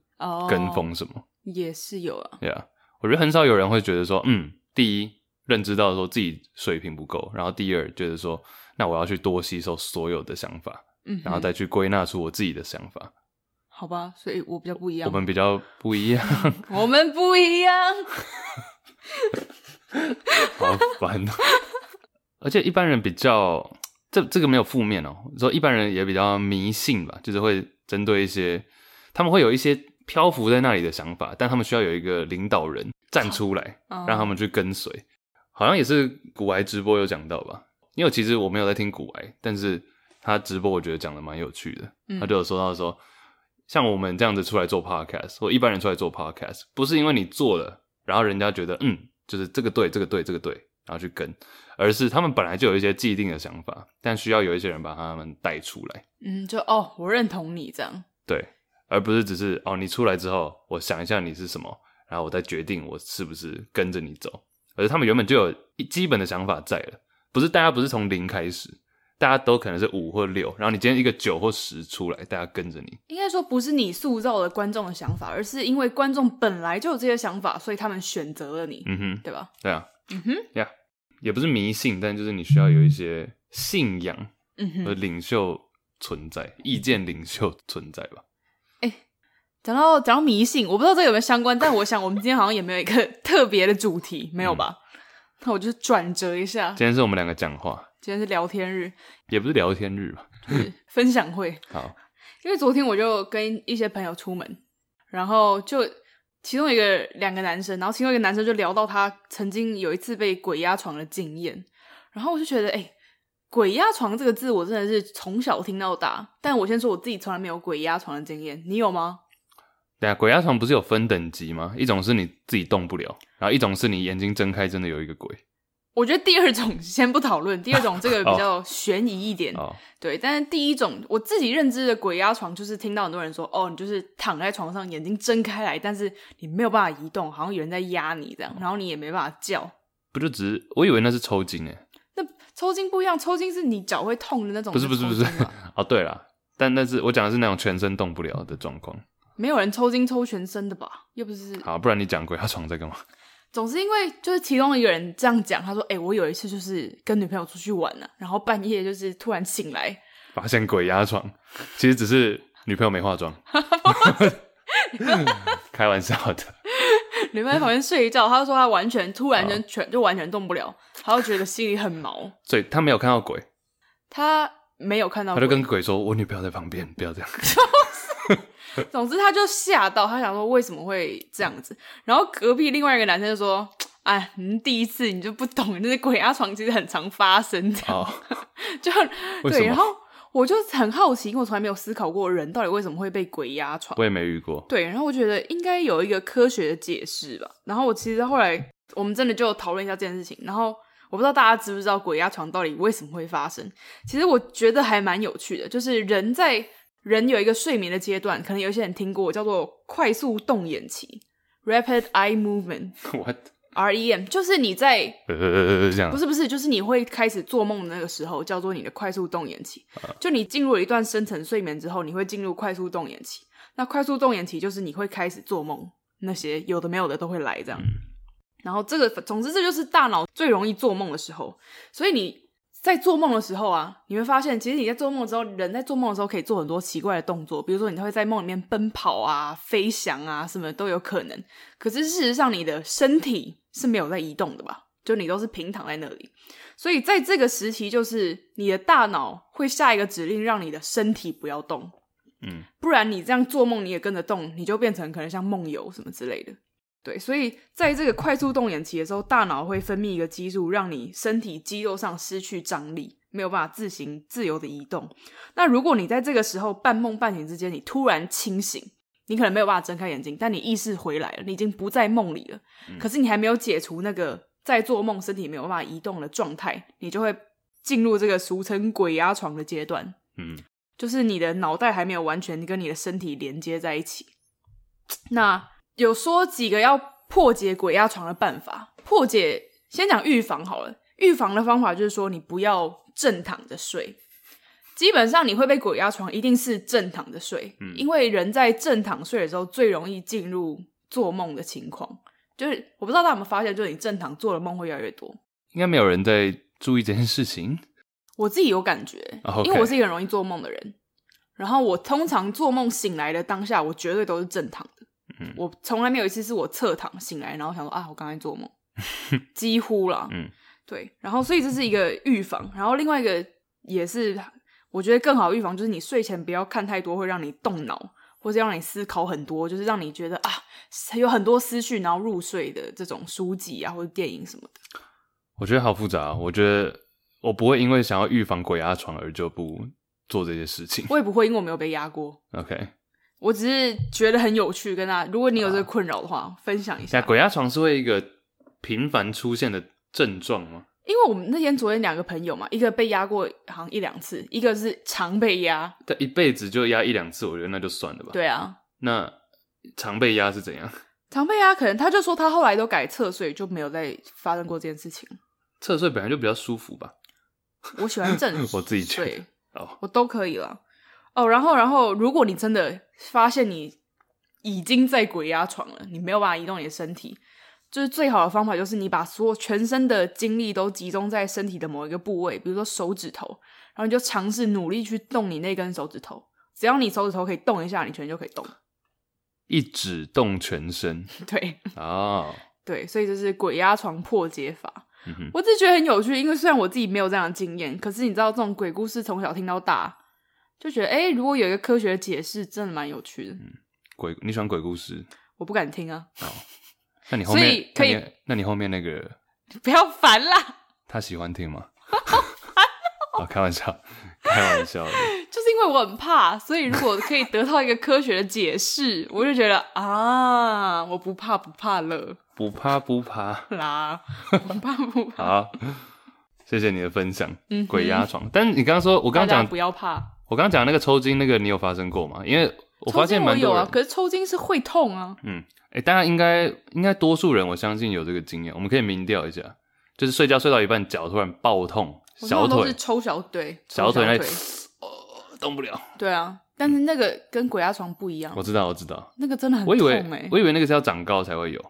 跟風什麼，哦、也是有啊。對啊，我覺得很少有人會覺得說，嗯，第一認知到說自己水平不夠，然後第二覺得說。那我要去多吸收所有的想法，嗯，然後再去歸納出我自己的想法，好吧？所以我比較不一樣，我們比較不一樣，我們不一樣，好煩哦，啊。 而且一般人比較，這這個沒有負面哦。說一般人也比較迷信吧，就是會針對一些，他們會有一些漂浮在那裡的想法，但他們需要有一個領導人站出來，讓他們去跟隨。啊、好像也是古玩直播有講到吧。因為其實我沒有在聽古白，但是他直播我覺得講的蠻有趣的。嗯。他就有說到說，像我們這樣子出來做 podcast，或一般人出來做 podcast，不是因為你做了，然後人家覺得嗯，就是這個對，這個對，這個對，然後去跟，而是他們本來就有一些既定的想法，但需要有一些人把他們帶出來。嗯，就哦，我認同你這樣。對，而不是只是哦，你出來之後，我想一下你是什麼，然後我再決定我是不是跟着你走。而是他們原本就有一基本的想法在了。不是大家不是從零開始，大家都可能是五或六，然後你今天一個九或十出來，大家跟着你。應該說不是你塑造了觀眾的想法，而是因為觀眾本來就有這些想法，所以他們選擇了你。嗯哼，對吧？對啊。嗯哼，對、yeah, 也不是迷信，但就是你需要有一些信仰和領袖存在，嗯，意見領袖存在吧。哎、欸，講到講到迷信，我不知道這有沒有相關， 但我想我們今天好像也沒有一個特別的主題，沒有吧？嗯那我就轉折一下，今天是我們兩個講話，今天是聊天日，也不是聊天日吧，是 分享會。好，因為昨天我就跟一些朋友出門，然後就其中一個兩個男生，然後其中一個男生就聊到他曾經有一次被鬼壓床的經驗，然後我就覺得，哎、欸，鬼壓床這個字，我真的是從小聽到大，但我先說我自己從來沒有鬼壓床的經驗，你有嗎？對啊，鬼壓床不是有分等級嗎？一種是你自己動不了，然後一種是你眼睛睜開，真的有一個鬼。我覺得第二種先不討論，第二種這個比較懸疑一點、 哦哦。對，但是第一種我自己認知的鬼壓床，就是聽到很多人說，哦，你就是躺在床上，眼睛睜開來，但是你沒有辦法移動，好像有人在壓你這樣，然後你也沒辦法叫。不就只是我以為那是抽筋呢、欸？那抽筋不一樣，抽筋是你腳會痛的那種、啊。不是不是不是，哦對啦，但那是我講的是那種全身動不了的狀況。沒有人抽筋抽全身的吧？又不是。好，不然你講鬼壓床在幹嘛？總是因為就是其中一個人這樣講，他說：“哎、欸，我有一次就是跟女朋友出去玩了、啊，然後半夜就是突然醒來，發現鬼壓床。其實只是女朋友沒化妝， 開玩笑的。 女朋友在旁邊睡一覺，他就說他完全突然間全就完全動不了，他就覺得心裡很毛。所以他沒有看到鬼，他沒有看到鬼，他就跟鬼說：我女朋友在旁邊，不要這樣。 ”總之，他就嚇到，他想說為什麼會這樣子。然後隔壁另外一個男生就說：“哎，你第一次你就不懂，那些鬼壓床其實很常發生，這樣、oh. 就對。”然後我就很好奇，因為我從來沒有思考過人到底為什麼會被鬼壓床。我也沒遇過。對，然後我覺得應該有一個科學的解釋吧。然後我其實後來我們真的就討論一下這件事情。然後我不知道大家知不知道鬼壓床到底為什麼會發生？其實我覺得還蠻有趣的，就是人在。人有一個睡眠的階段，可能有些人聽過叫做快速動眼期 （Rapid eye movement），What? REM，就是你在 嗯、不是不是，就是你會開始做夢的那個時候，叫做你的快速動眼期。啊、就你進入了一段深層睡眠之後，你會進入快速動眼期。那快速動眼期就是你會開始做夢，那些有的沒有的都會來這樣。嗯、然後這個，總之這就是大腦最容易做夢的時候，所以你。在做夢的時候啊，你會發現，其實你在做夢的時候，人在做夢的時候可以做很多奇怪的動作，比如說你會在夢裡面奔跑啊、飛翔啊，什麼的都有可能。可是事實上，你的身體是沒有在移動的吧？就你都是平躺在那裡。所以在這個時期，就是你的大腦會下一個指令，讓你的身體不要動。嗯，不然你這樣做夢，你也跟着動，你就變成可能像夢遊什麼之類的。對，所以在這個快速動眼期的時候，大腦會分泌一個激素，讓你身體肌肉上失去張力，沒有辦法自行自由的移動。那如果你在這個時候半夢半醒之間，你突然清醒，你可能沒有辦法睜開眼睛，但你意識回來了，你已經不在夢裡了。可是你還沒有解除那個在做夢、身體沒有辦法移動的狀態，你就會進入這個俗稱“鬼壓床”的階段。嗯，就是你的腦袋還沒有完全跟你的身體連接在一起。那。有說幾個要破解鬼壓床的辦法。破解，先講預防好了。預防的方法就是說，你不要正躺着睡。基本上你會被鬼壓床，一定是正躺着睡。嗯，因為人在正躺睡的時候最容易進入做夢的情況。就是我不知道大家有沒有發現，就是你正躺做的夢會越來越多。應該沒有人在注意這件事情。我自己有感覺，oh, okay. 因為我是一個很容易做夢的人。然後我通常做夢醒來的當下，我絕對都是正躺的。我從來沒有一次是我側躺醒來，然後想說啊，我剛才做夢， 幾乎了。嗯，對。然後，所以這是一個預防。然後，另外一個也是，我覺得更好預防就是你睡前不要看太多，會讓你動腦，或者讓你思考很多，就是讓你覺得啊，有很多思緒，然後入睡的這種書籍啊，或者電影什麼的。我覺得好複雜。我覺得我不會因為想要預防鬼壓床而就不做這些事情。我也不會，因為我沒有被壓過。OK。我只是覺得很有趣，跟他。如果你有這個困擾的話，啊，分享一下。那鬼壓床是會一個頻繁出現的症狀嗎？因為我們那天，昨天兩個朋友嘛，一個被壓過好像一兩次，一個是常被壓。但一輩子就壓一兩次，我覺得那就算了吧。對啊，那常被壓是怎樣？常被壓，可能他就說他後來都改側睡，就沒有再發生過這件事情。側睡本來就比較舒服吧。我喜歡正睡， 我自己覺得哦，oh. 我都可以了。哦，然後，然後，如果你真的發現你已經在鬼壓床了，你沒有辦法移動你的身體，就是最好的方法就是你把所有全身的精力都集中在身體的某一個部位，比如說手指頭，然後你就嘗試努力去動你那根手指頭，只要你手指頭可以動一下，你全就可以動。一指動全身。 對。啊、oh.。對，所以就是鬼壓床破解法。嗯哼。我自己覺得很有趣，因為雖然我自己沒有這樣的經驗，可是你知道這種鬼故事從小聽到大。就覺得哎、欸，如果有一個科學的解釋，真的蠻有趣的。嗯、鬼你喜歡鬼故事？我不敢聽啊。哦、那你後面所以可以那？那你後面那個，不要煩啦。他喜歡聽嗎？哈、喔、 開玩笑，開玩笑。就是因為我很怕，所以如果可以得到一個科學的解釋， 我就覺得啊，我不怕不怕了，不怕不怕啦，不怕不怕。好、啊，謝謝你的分享。嗯，鬼壓床。但你剛剛說，我剛剛講不要怕。我剛剛講那個抽筋，那個你有發生過嗎？因為我發現蠻多人，抽筋有啊，可是抽筋是會痛啊。嗯，誒、欸、當然應該應該多數人我相信有這個經驗，我們可以民調一下，就是睡覺睡到一半，腳突然爆痛，小腿都是抽小腿，小腿那裡腿、哦、動不了。對啊，但是那個跟鬼壓、啊、床不一樣、嗯。我知道，我知道，那個真的很痛哎、欸。我以為那個是要長高才會有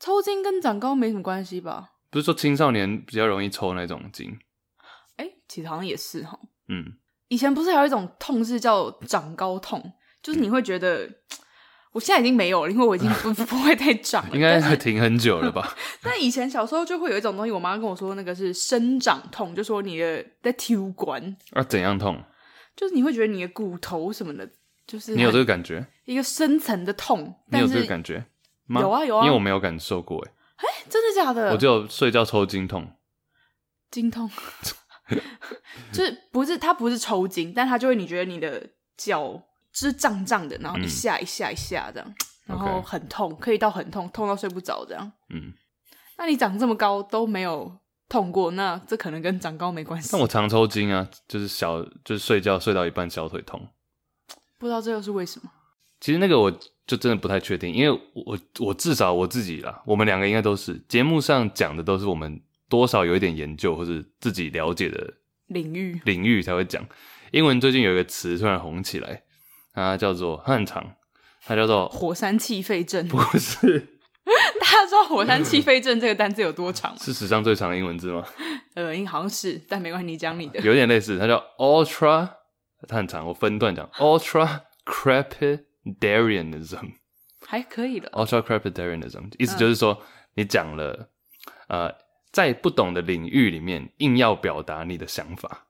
抽筋，跟長高沒什麼關係吧？不是說青少年比較容易抽那種筋？哎、欸，其實好像也是哈。嗯。以前不是還有一種痛是叫長高痛，就是你會覺得我現在已經沒有了，因為我已經不 不會再長了。應該是停很久了吧？那 以前小時候就會有一種東西，我媽跟我說那個是生長痛，就是、說你的在體育館啊怎樣痛，就是你會覺得你的骨頭什麼的，就是你有這個感覺，一個深層的痛但是，你有這個感覺？有啊有啊，因為我沒有感受過哎、欸，真的假的，我就睡覺抽筋痛，筋痛。 就是不是它，不是抽筋，但它就會你覺得你的腳是脹脹的，然後一下一下一下這樣，嗯，然後很痛，可以到很痛，痛到睡不着這樣。嗯，那你長這麼高都沒有痛過，那這可能跟長高沒關係。但我常抽筋啊，就是小就是睡覺睡到一半小腿痛，不知道這又是為什麼。其實那個我就真的不太確定，因為我我至少我自己啦，我們兩個應該都是節目上講的都是我們。多少有一點研究或是自己了解的領域領域才會講。英文最近有一個詞突然紅起來，它叫做它很長，它叫做火山氣肺症。不是， 大家知道火山氣肺症這個單字有多長，啊、 是史上最長的英文字嗎？呃，應好像是，但沒關係，你講你的。有點類似，它叫 ultra，它很長，我分段講 ultra crepidarianism，還可以的 ultra crepidarianism，意思就是說、嗯、你講了呃在不懂的領域裡面，硬要表達你的想法，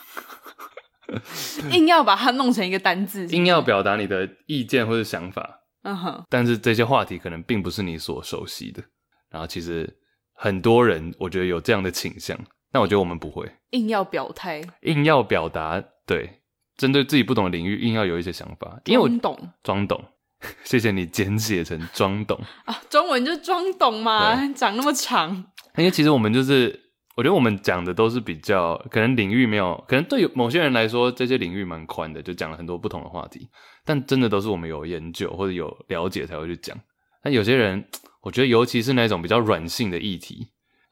硬要把它弄成一個單字，是不是？硬要表達你的意見或者想法。嗯哼，但是這些話題可能並不是你所熟悉的。然後，其實很多人我覺得有這樣的傾向，但我覺得我們不會硬要表態，硬要表達。對，針對自己不懂的領域，硬要有一些想法，因為我懂裝懂。 謝謝你簡寫成裝懂啊，中文就是裝懂嘛，講那麼長。因為其實我們就是，我覺得我們講的都是比較，可能領域沒有，可能對某些人來說，這些領域蠻寬的，就講了很多不同的話題。但真的都是我們有研究或者有了解才會去講。但有些人，我覺得尤其是那種比較軟性的議題，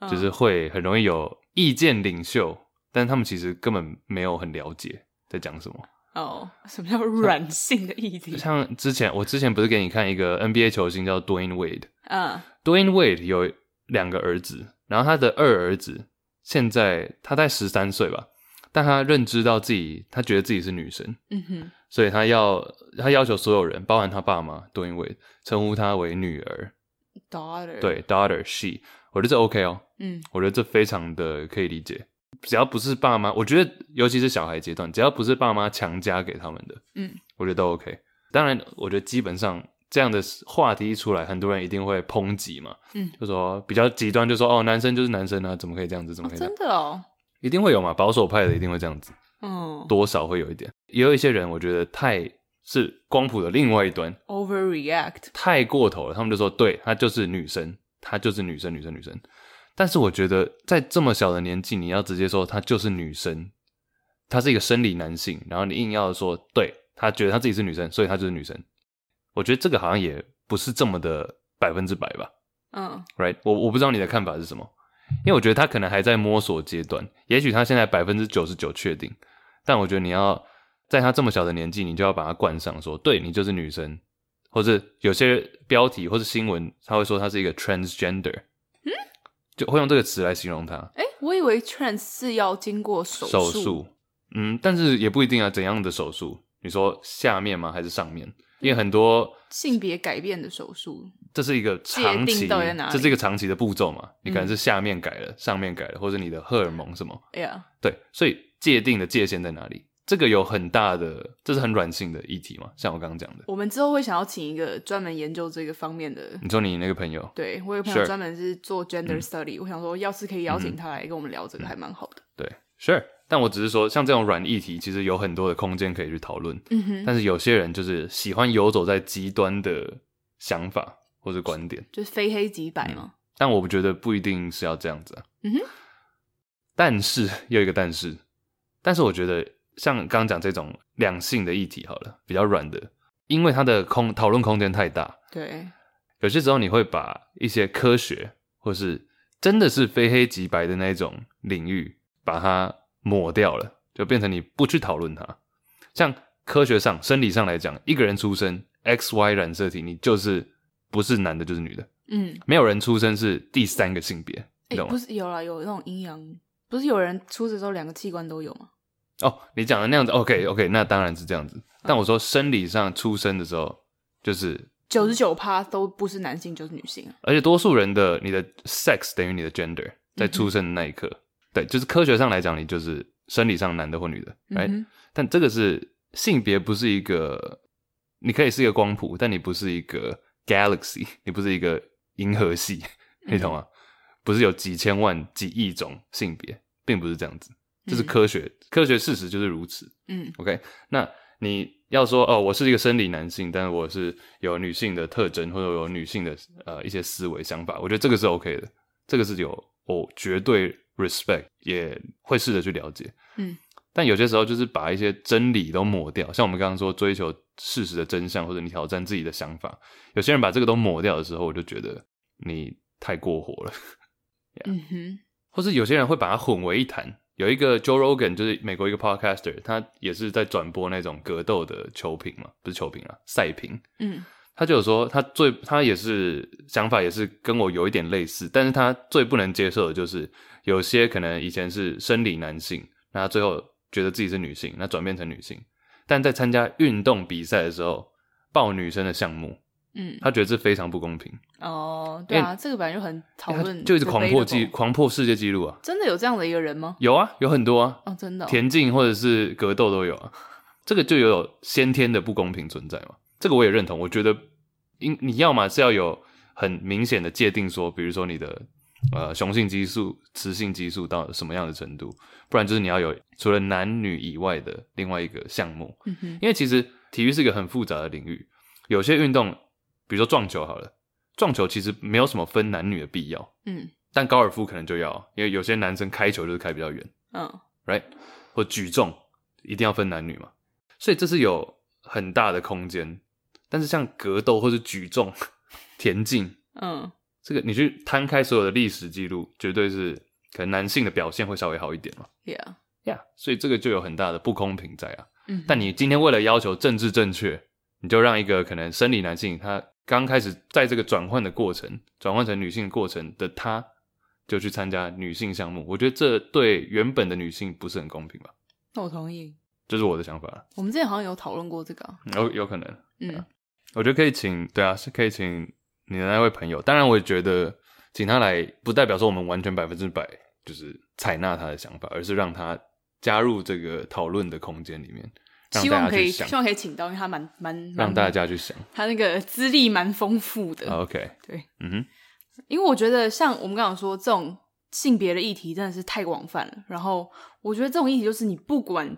就是會很容易有意見領袖，但他們其實根本沒有很了解在講什麼。哦、oh，什麼叫軟性的議題？像,像之前我之前不是給你看一個 NBA 球星叫 Dwayne Wade，uh, Dwayne Wade 有兩個兒子，然後他的二兒子現在他在十三歲吧，但他認知到自己，他覺得自己是女神，嗯哼，所以他要他要求所有人，包含他爸媽 Dwayne Wade 稱呼他為女兒，daughter，對，daughter，she，我覺得這 OK 哦，嗯，我覺得這非常的可以理解。只要不是爸媽，我覺得尤其是小孩階段，只要不是爸媽強加給他們的，嗯，我覺得都 OK。當然，我覺得基本上這樣的話題一出來，很多人一定會抨擊嘛，嗯，就說比較極端就，就說哦，男生就是男生啊，怎麼可以這樣子，怎麼可以這樣、哦、真的哦，一定會有嘛，保守派的一定會這樣子，嗯、哦，多少會有一點。也有一些人，我覺得太是光譜的另外一端，overreact 太過頭了，他們就說對他就是女生，她就是女生，女生，女生。但是我覺得，在這麼小的年紀，你要直接說他就是女生，他是一個生理男性，然後你硬要說對，他覺得他自己是女生，所以他就是女生。我覺得這個好像也不是這麼的百分之百吧。嗯，oh，Right，我我不知道你的看法是什麼？因為我覺得他可能還在摸索階段，也許他現在百分之九十九確定，但我覺得你要在他這麼小的年紀，你就要把他冠上說對你就是女生，或是有些標題或者新聞他會說他是一個 transgender。就會用這個詞來形容它。哎、欸，我以為 trans 是要經過手術。手術，嗯，但是也不一定啊。怎樣的手術？你說下面嗎？還是上面？因為很多、嗯、性別改變的手術，這是一個長期界定到底在哪裡，這是一個長期的步驟嘛？你可能是下面改了，嗯，上面改了，或者你的荷爾蒙什麼 y、yeah. 對，所以界定的界限在哪裡？這個有很大的，這是很軟性的議題嘛？像我剛剛講的，我們之後會想要請一個專門研究這個方面的。你說你那個朋友，對我有朋友專門是做 gender study，Sure. 我想說，要是可以邀請他來跟我們聊，嗯、這個還蠻好的。對，Sure。但我只是說，像這種軟議題，其實有很多的空間可以去討論。嗯哼。但是有些人就是喜歡游走在極端的想法或者觀點，就是非黑即白嘛。嗯、但我不覺得不一定是要這樣子啊。嗯哼。但是又一個但是，但是我覺得。像剛剛講這種兩性的議題，好了，比較軟的，因為它的空討論空間太大。對，有些時候你會把一些科學，或是真的是非黑即白的那一種領域，把它抹掉了，就變成你不去討論它。像科學上、生理上來講，一個人出生 X、Y 染色體，你就是不是男的，就是女的。嗯，沒有人出生是第三個性別。哎、欸，不是有啦，有那種陰陽，不是有人出生的時候兩個器官都有嗎？哦，你講的那樣子，OK OK，那當然是這樣子。但我說生理上出生的時候，就是九十九趴都不是男性就是女性，而且多數人的你的 sex 等於你的 gender，在出生的那一刻，嗯、對，就是科學上來講，你就是生理上男的或女的，哎、嗯，但這個是性別不是一個，你可以是一個光譜，但你不是一個 galaxy，你不是一個銀河系，你懂嗎？嗯、不是有幾千萬幾億種性別，並不是這樣子。這是科學，嗯，科學事實就是如此。嗯，OK，那你要說哦，我是一個生理男性，但是我是有女性的特徵或者有女性的呃一些思維想法，我覺得這個是 OK 的，這個是有我、哦、絕對 respect，也會試着去了解。嗯，但有些時候就是把一些真理都抹掉，像我們剛剛說追求事實的真相或者你挑戰自己的想法，有些人把這個都抹掉的時候，我就覺得你太過火了。 yeah. 嗯哼，或是有些人會把它混為一談。有一個 Joe Rogan，就是美國一個 Podcaster，他也是在轉播那種格鬥的球評嘛，不是球評啊，賽評。嗯，他就有說，他最他也是想法也是跟我有一點類似，但是他最不能接受的就是，有些可能以前是生理男性，那最後覺得自己是女性，那轉變成女性，但在參加運動比賽的時候報女生的項目。嗯，他覺得這非常不公平哦。對啊，這個本來就很討論，就一直狂破紀，狂破世界紀錄啊！真的有這樣的一個人嗎？有啊，有很多啊。哦，真的哦，田徑或者是格鬥都有啊。這個就有先天的不公平存在嘛。這個我也認同。我覺得，因你要嘛是要有很明顯的界定，說，比如說你的呃雄性激素、雌性激素到什麼樣的程度，不然就是你要有除了男女以外的另外一個項目。嗯哼，因為其實體育是一個很複雜的領域，有些運動。比如說撞球好了，撞球其實沒有什麼分男女的必要，嗯，但高爾夫可能就要，因為有些男生開球就是開比較遠，嗯、哦，right，或舉重一定要分男女嘛，所以這是有很大的空間，但是像格鬥或是舉重、 田徑，嗯、哦，這個你去攤開所有的歷史記錄，絕對是可能男性的表現會稍微好一點嘛，Yeah，Yeah，yeah, 所以這個就有很大的不公平在啊，嗯，但你今天為了要求政治正確，你就讓一個可能生理男性他。剛開始在這個轉換的過程，轉換成女性的過程的她，就去參加女性項目。我覺得這對原本的女性不是很公平吧？那我同意，這，就是我的想法。我們之前好像有討論過這個，有有可能。嗯、啊，我覺得可以請，對啊，是可以請你的那位朋友。當然，我覺得請他來，不代表說我們完全百分之百就是採納他的想法，而是讓他加入這個討論的空間裡面。希望可以，希望可以請到，因為他蠻蠻讓大家去想，他那個資歷蠻豐富的。OK，對，嗯哼，因為我覺得像我們剛剛說這種性別的議題真的是太廣泛了。然後我覺得這種議題就是你不管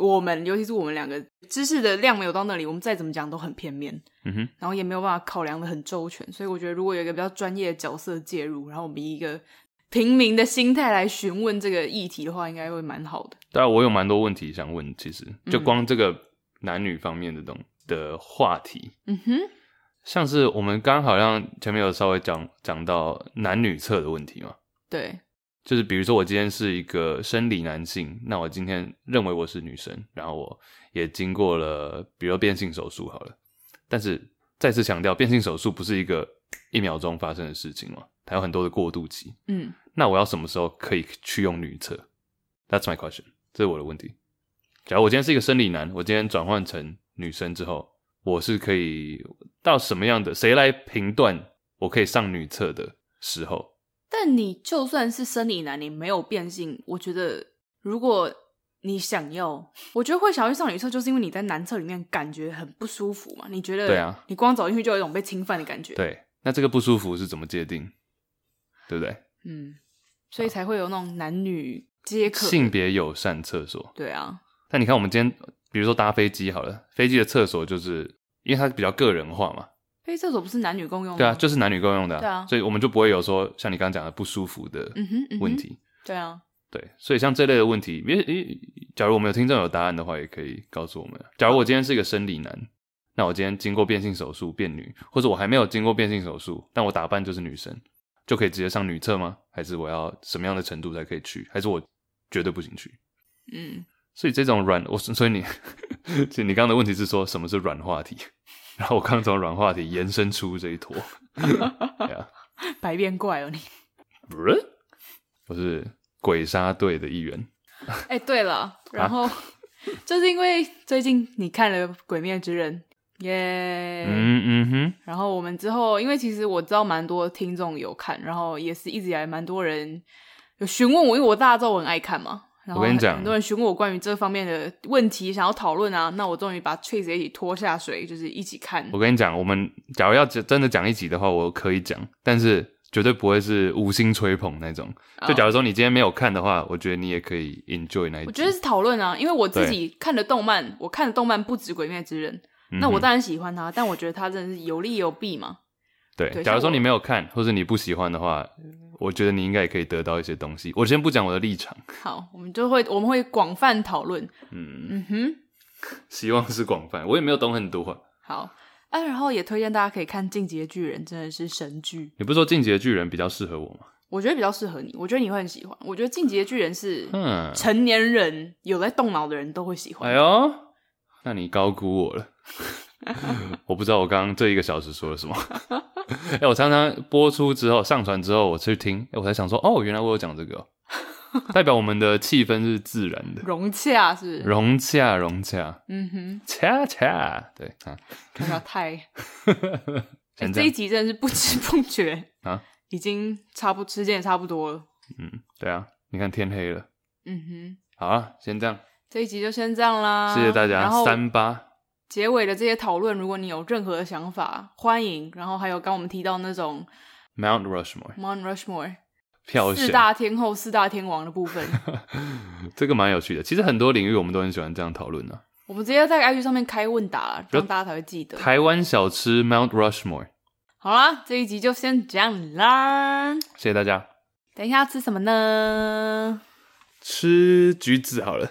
我們，尤其是我們兩個知識的量沒有到那裡，我們再怎麼講都很片面，嗯哼，然後也沒有辦法考量的很週全。所以我覺得如果有一個比較專業的角色介入，然後我們一個平民的心態來詢問這個議題的話，應該會蠻好的。當然，我有蠻多問題想問，其實就光這個男女方面的東的話題，嗯哼，像是我們剛好像前面有稍微講講到男女廁的問題嘛，對，就是比如說我今天是一個生理男性，那我今天認為我是女生，然後我也經過了，比如說變性手術好了，但是再次強調，變性手術不是一個。一秒鐘發生的事情嘛，還有很多的過渡期。嗯，那我要什麼時候可以去用女廁？That's my question，這是我的問題。假如我今天是一個生理男，我今天轉換成女生之後，我是可以到什麼樣的？誰來評斷我可以上女廁的時候？但你就算是生理男，你沒有變性，我覺得如果你想要，我覺得會想要上女廁，就是因為你在男廁裡面感覺很不舒服嘛。你覺得？對啊。你光走進去就有一種被侵犯的感覺。對。那這個不舒服是怎麼界定，對不對？嗯，所以才會有那種男女皆可、性別友善廁所。對啊。但你看，我們今天比如說搭飛機好了，飛機的廁所就是因為它比較個人化嘛。飛機廁所不是男女共用的？對啊，就是男女共用的啊。對啊，所以我們就不會有說像你剛剛講的不舒服的問題。嗯哼嗯哼。對啊。對，所以像這類的問題，因為假如我們有聽眾有答案的話，也可以告訴我們。假如我今天是一個生理男。那我今天經過變性手術變女，或者我還沒有經過變性手術，但我打扮就是女生，就可以直接上女廁嗎？還是我要什麼樣的程度才可以去？還是我絕對不行去？嗯，所以這種軟，我所以你，所以你剛剛的問題是說什麼是軟話題，然後我剛從軟話題延伸出這一坨， 白變怪哦你，不是，我是鬼殺隊的一員。哎、欸，對了，然後、啊、就是因為最近你看了《鬼滅之刃》。耶、yeah. 嗯，嗯嗯哼。然後我們之後，因為其實我知道蠻多聽眾有看，然後也是一直以來蠻多人有詢問我，因為我大家都知道我很愛看嘛。我跟你講，很多人詢問我關於這方面的問題，想要討論啊。那我終於把 Chase 一起拖下水，就是一起看。我跟你講，我們假如要真的講一集的話，我可以講，但是絕對不會是無心吹捧那種。Oh. 就假如說你今天沒有看的話，我覺得你也可以 enjoy 那一集。我覺得是討論啊，因為我自己看的動漫，我看的動漫不止《鬼滅之刃》。那我當然喜歡他、嗯，但我覺得他真的是有利有弊嘛。對，假如說你沒有看或者你不喜歡的話，嗯、我覺得你應該也可以得到一些東西。我先不講我的立場。好，我們就會我們會廣泛討論、嗯。嗯哼，希望是廣泛，我也沒有懂很多。好，哎、啊，然後也推薦大家可以看《進擊的巨人》，真的是神劇。你不是說《進擊的巨人》比較適合我嗎？我覺得比較適合你，我覺得你會很喜歡。我覺得《進擊的巨人》是成年人、嗯、有在動腦的人都會喜歡。哎呦。那你高估我了，我不知道我剛剛這一個小時說了什麼。哎、 欸，我常常播出之後、上傳之後，我去聽、欸，我才想說，哦，原來我有講這個、哦， 代表我們的氣氛是自然的，融洽是，是？融洽，融洽。嗯哼，洽洽，對啊。看到太，太 這、欸，這一集真的是不知不覺啊，已經差不多，時間也差不多了。嗯，對啊，你看天黑了。嗯哼，好啊，先這樣。這一集就先這樣啦，謝謝大家。三八，結尾的這些討論，如果你有任何的想法，歡迎。然後還有剛我們提到那種 Mount Rushmore，Mount Rushmore，Mount Rushmore 票選四大天後、四大天王的部分， 這個蠻有趣的。其實很多領域我們都很喜歡這樣討論呢。我們直接在 IG 上面開問答，讓大家才會記得。台灣小吃 Mount Rushmore。好啦，這一集就先這樣啦，謝謝大家。等一下要吃什麼呢？吃橘子好了。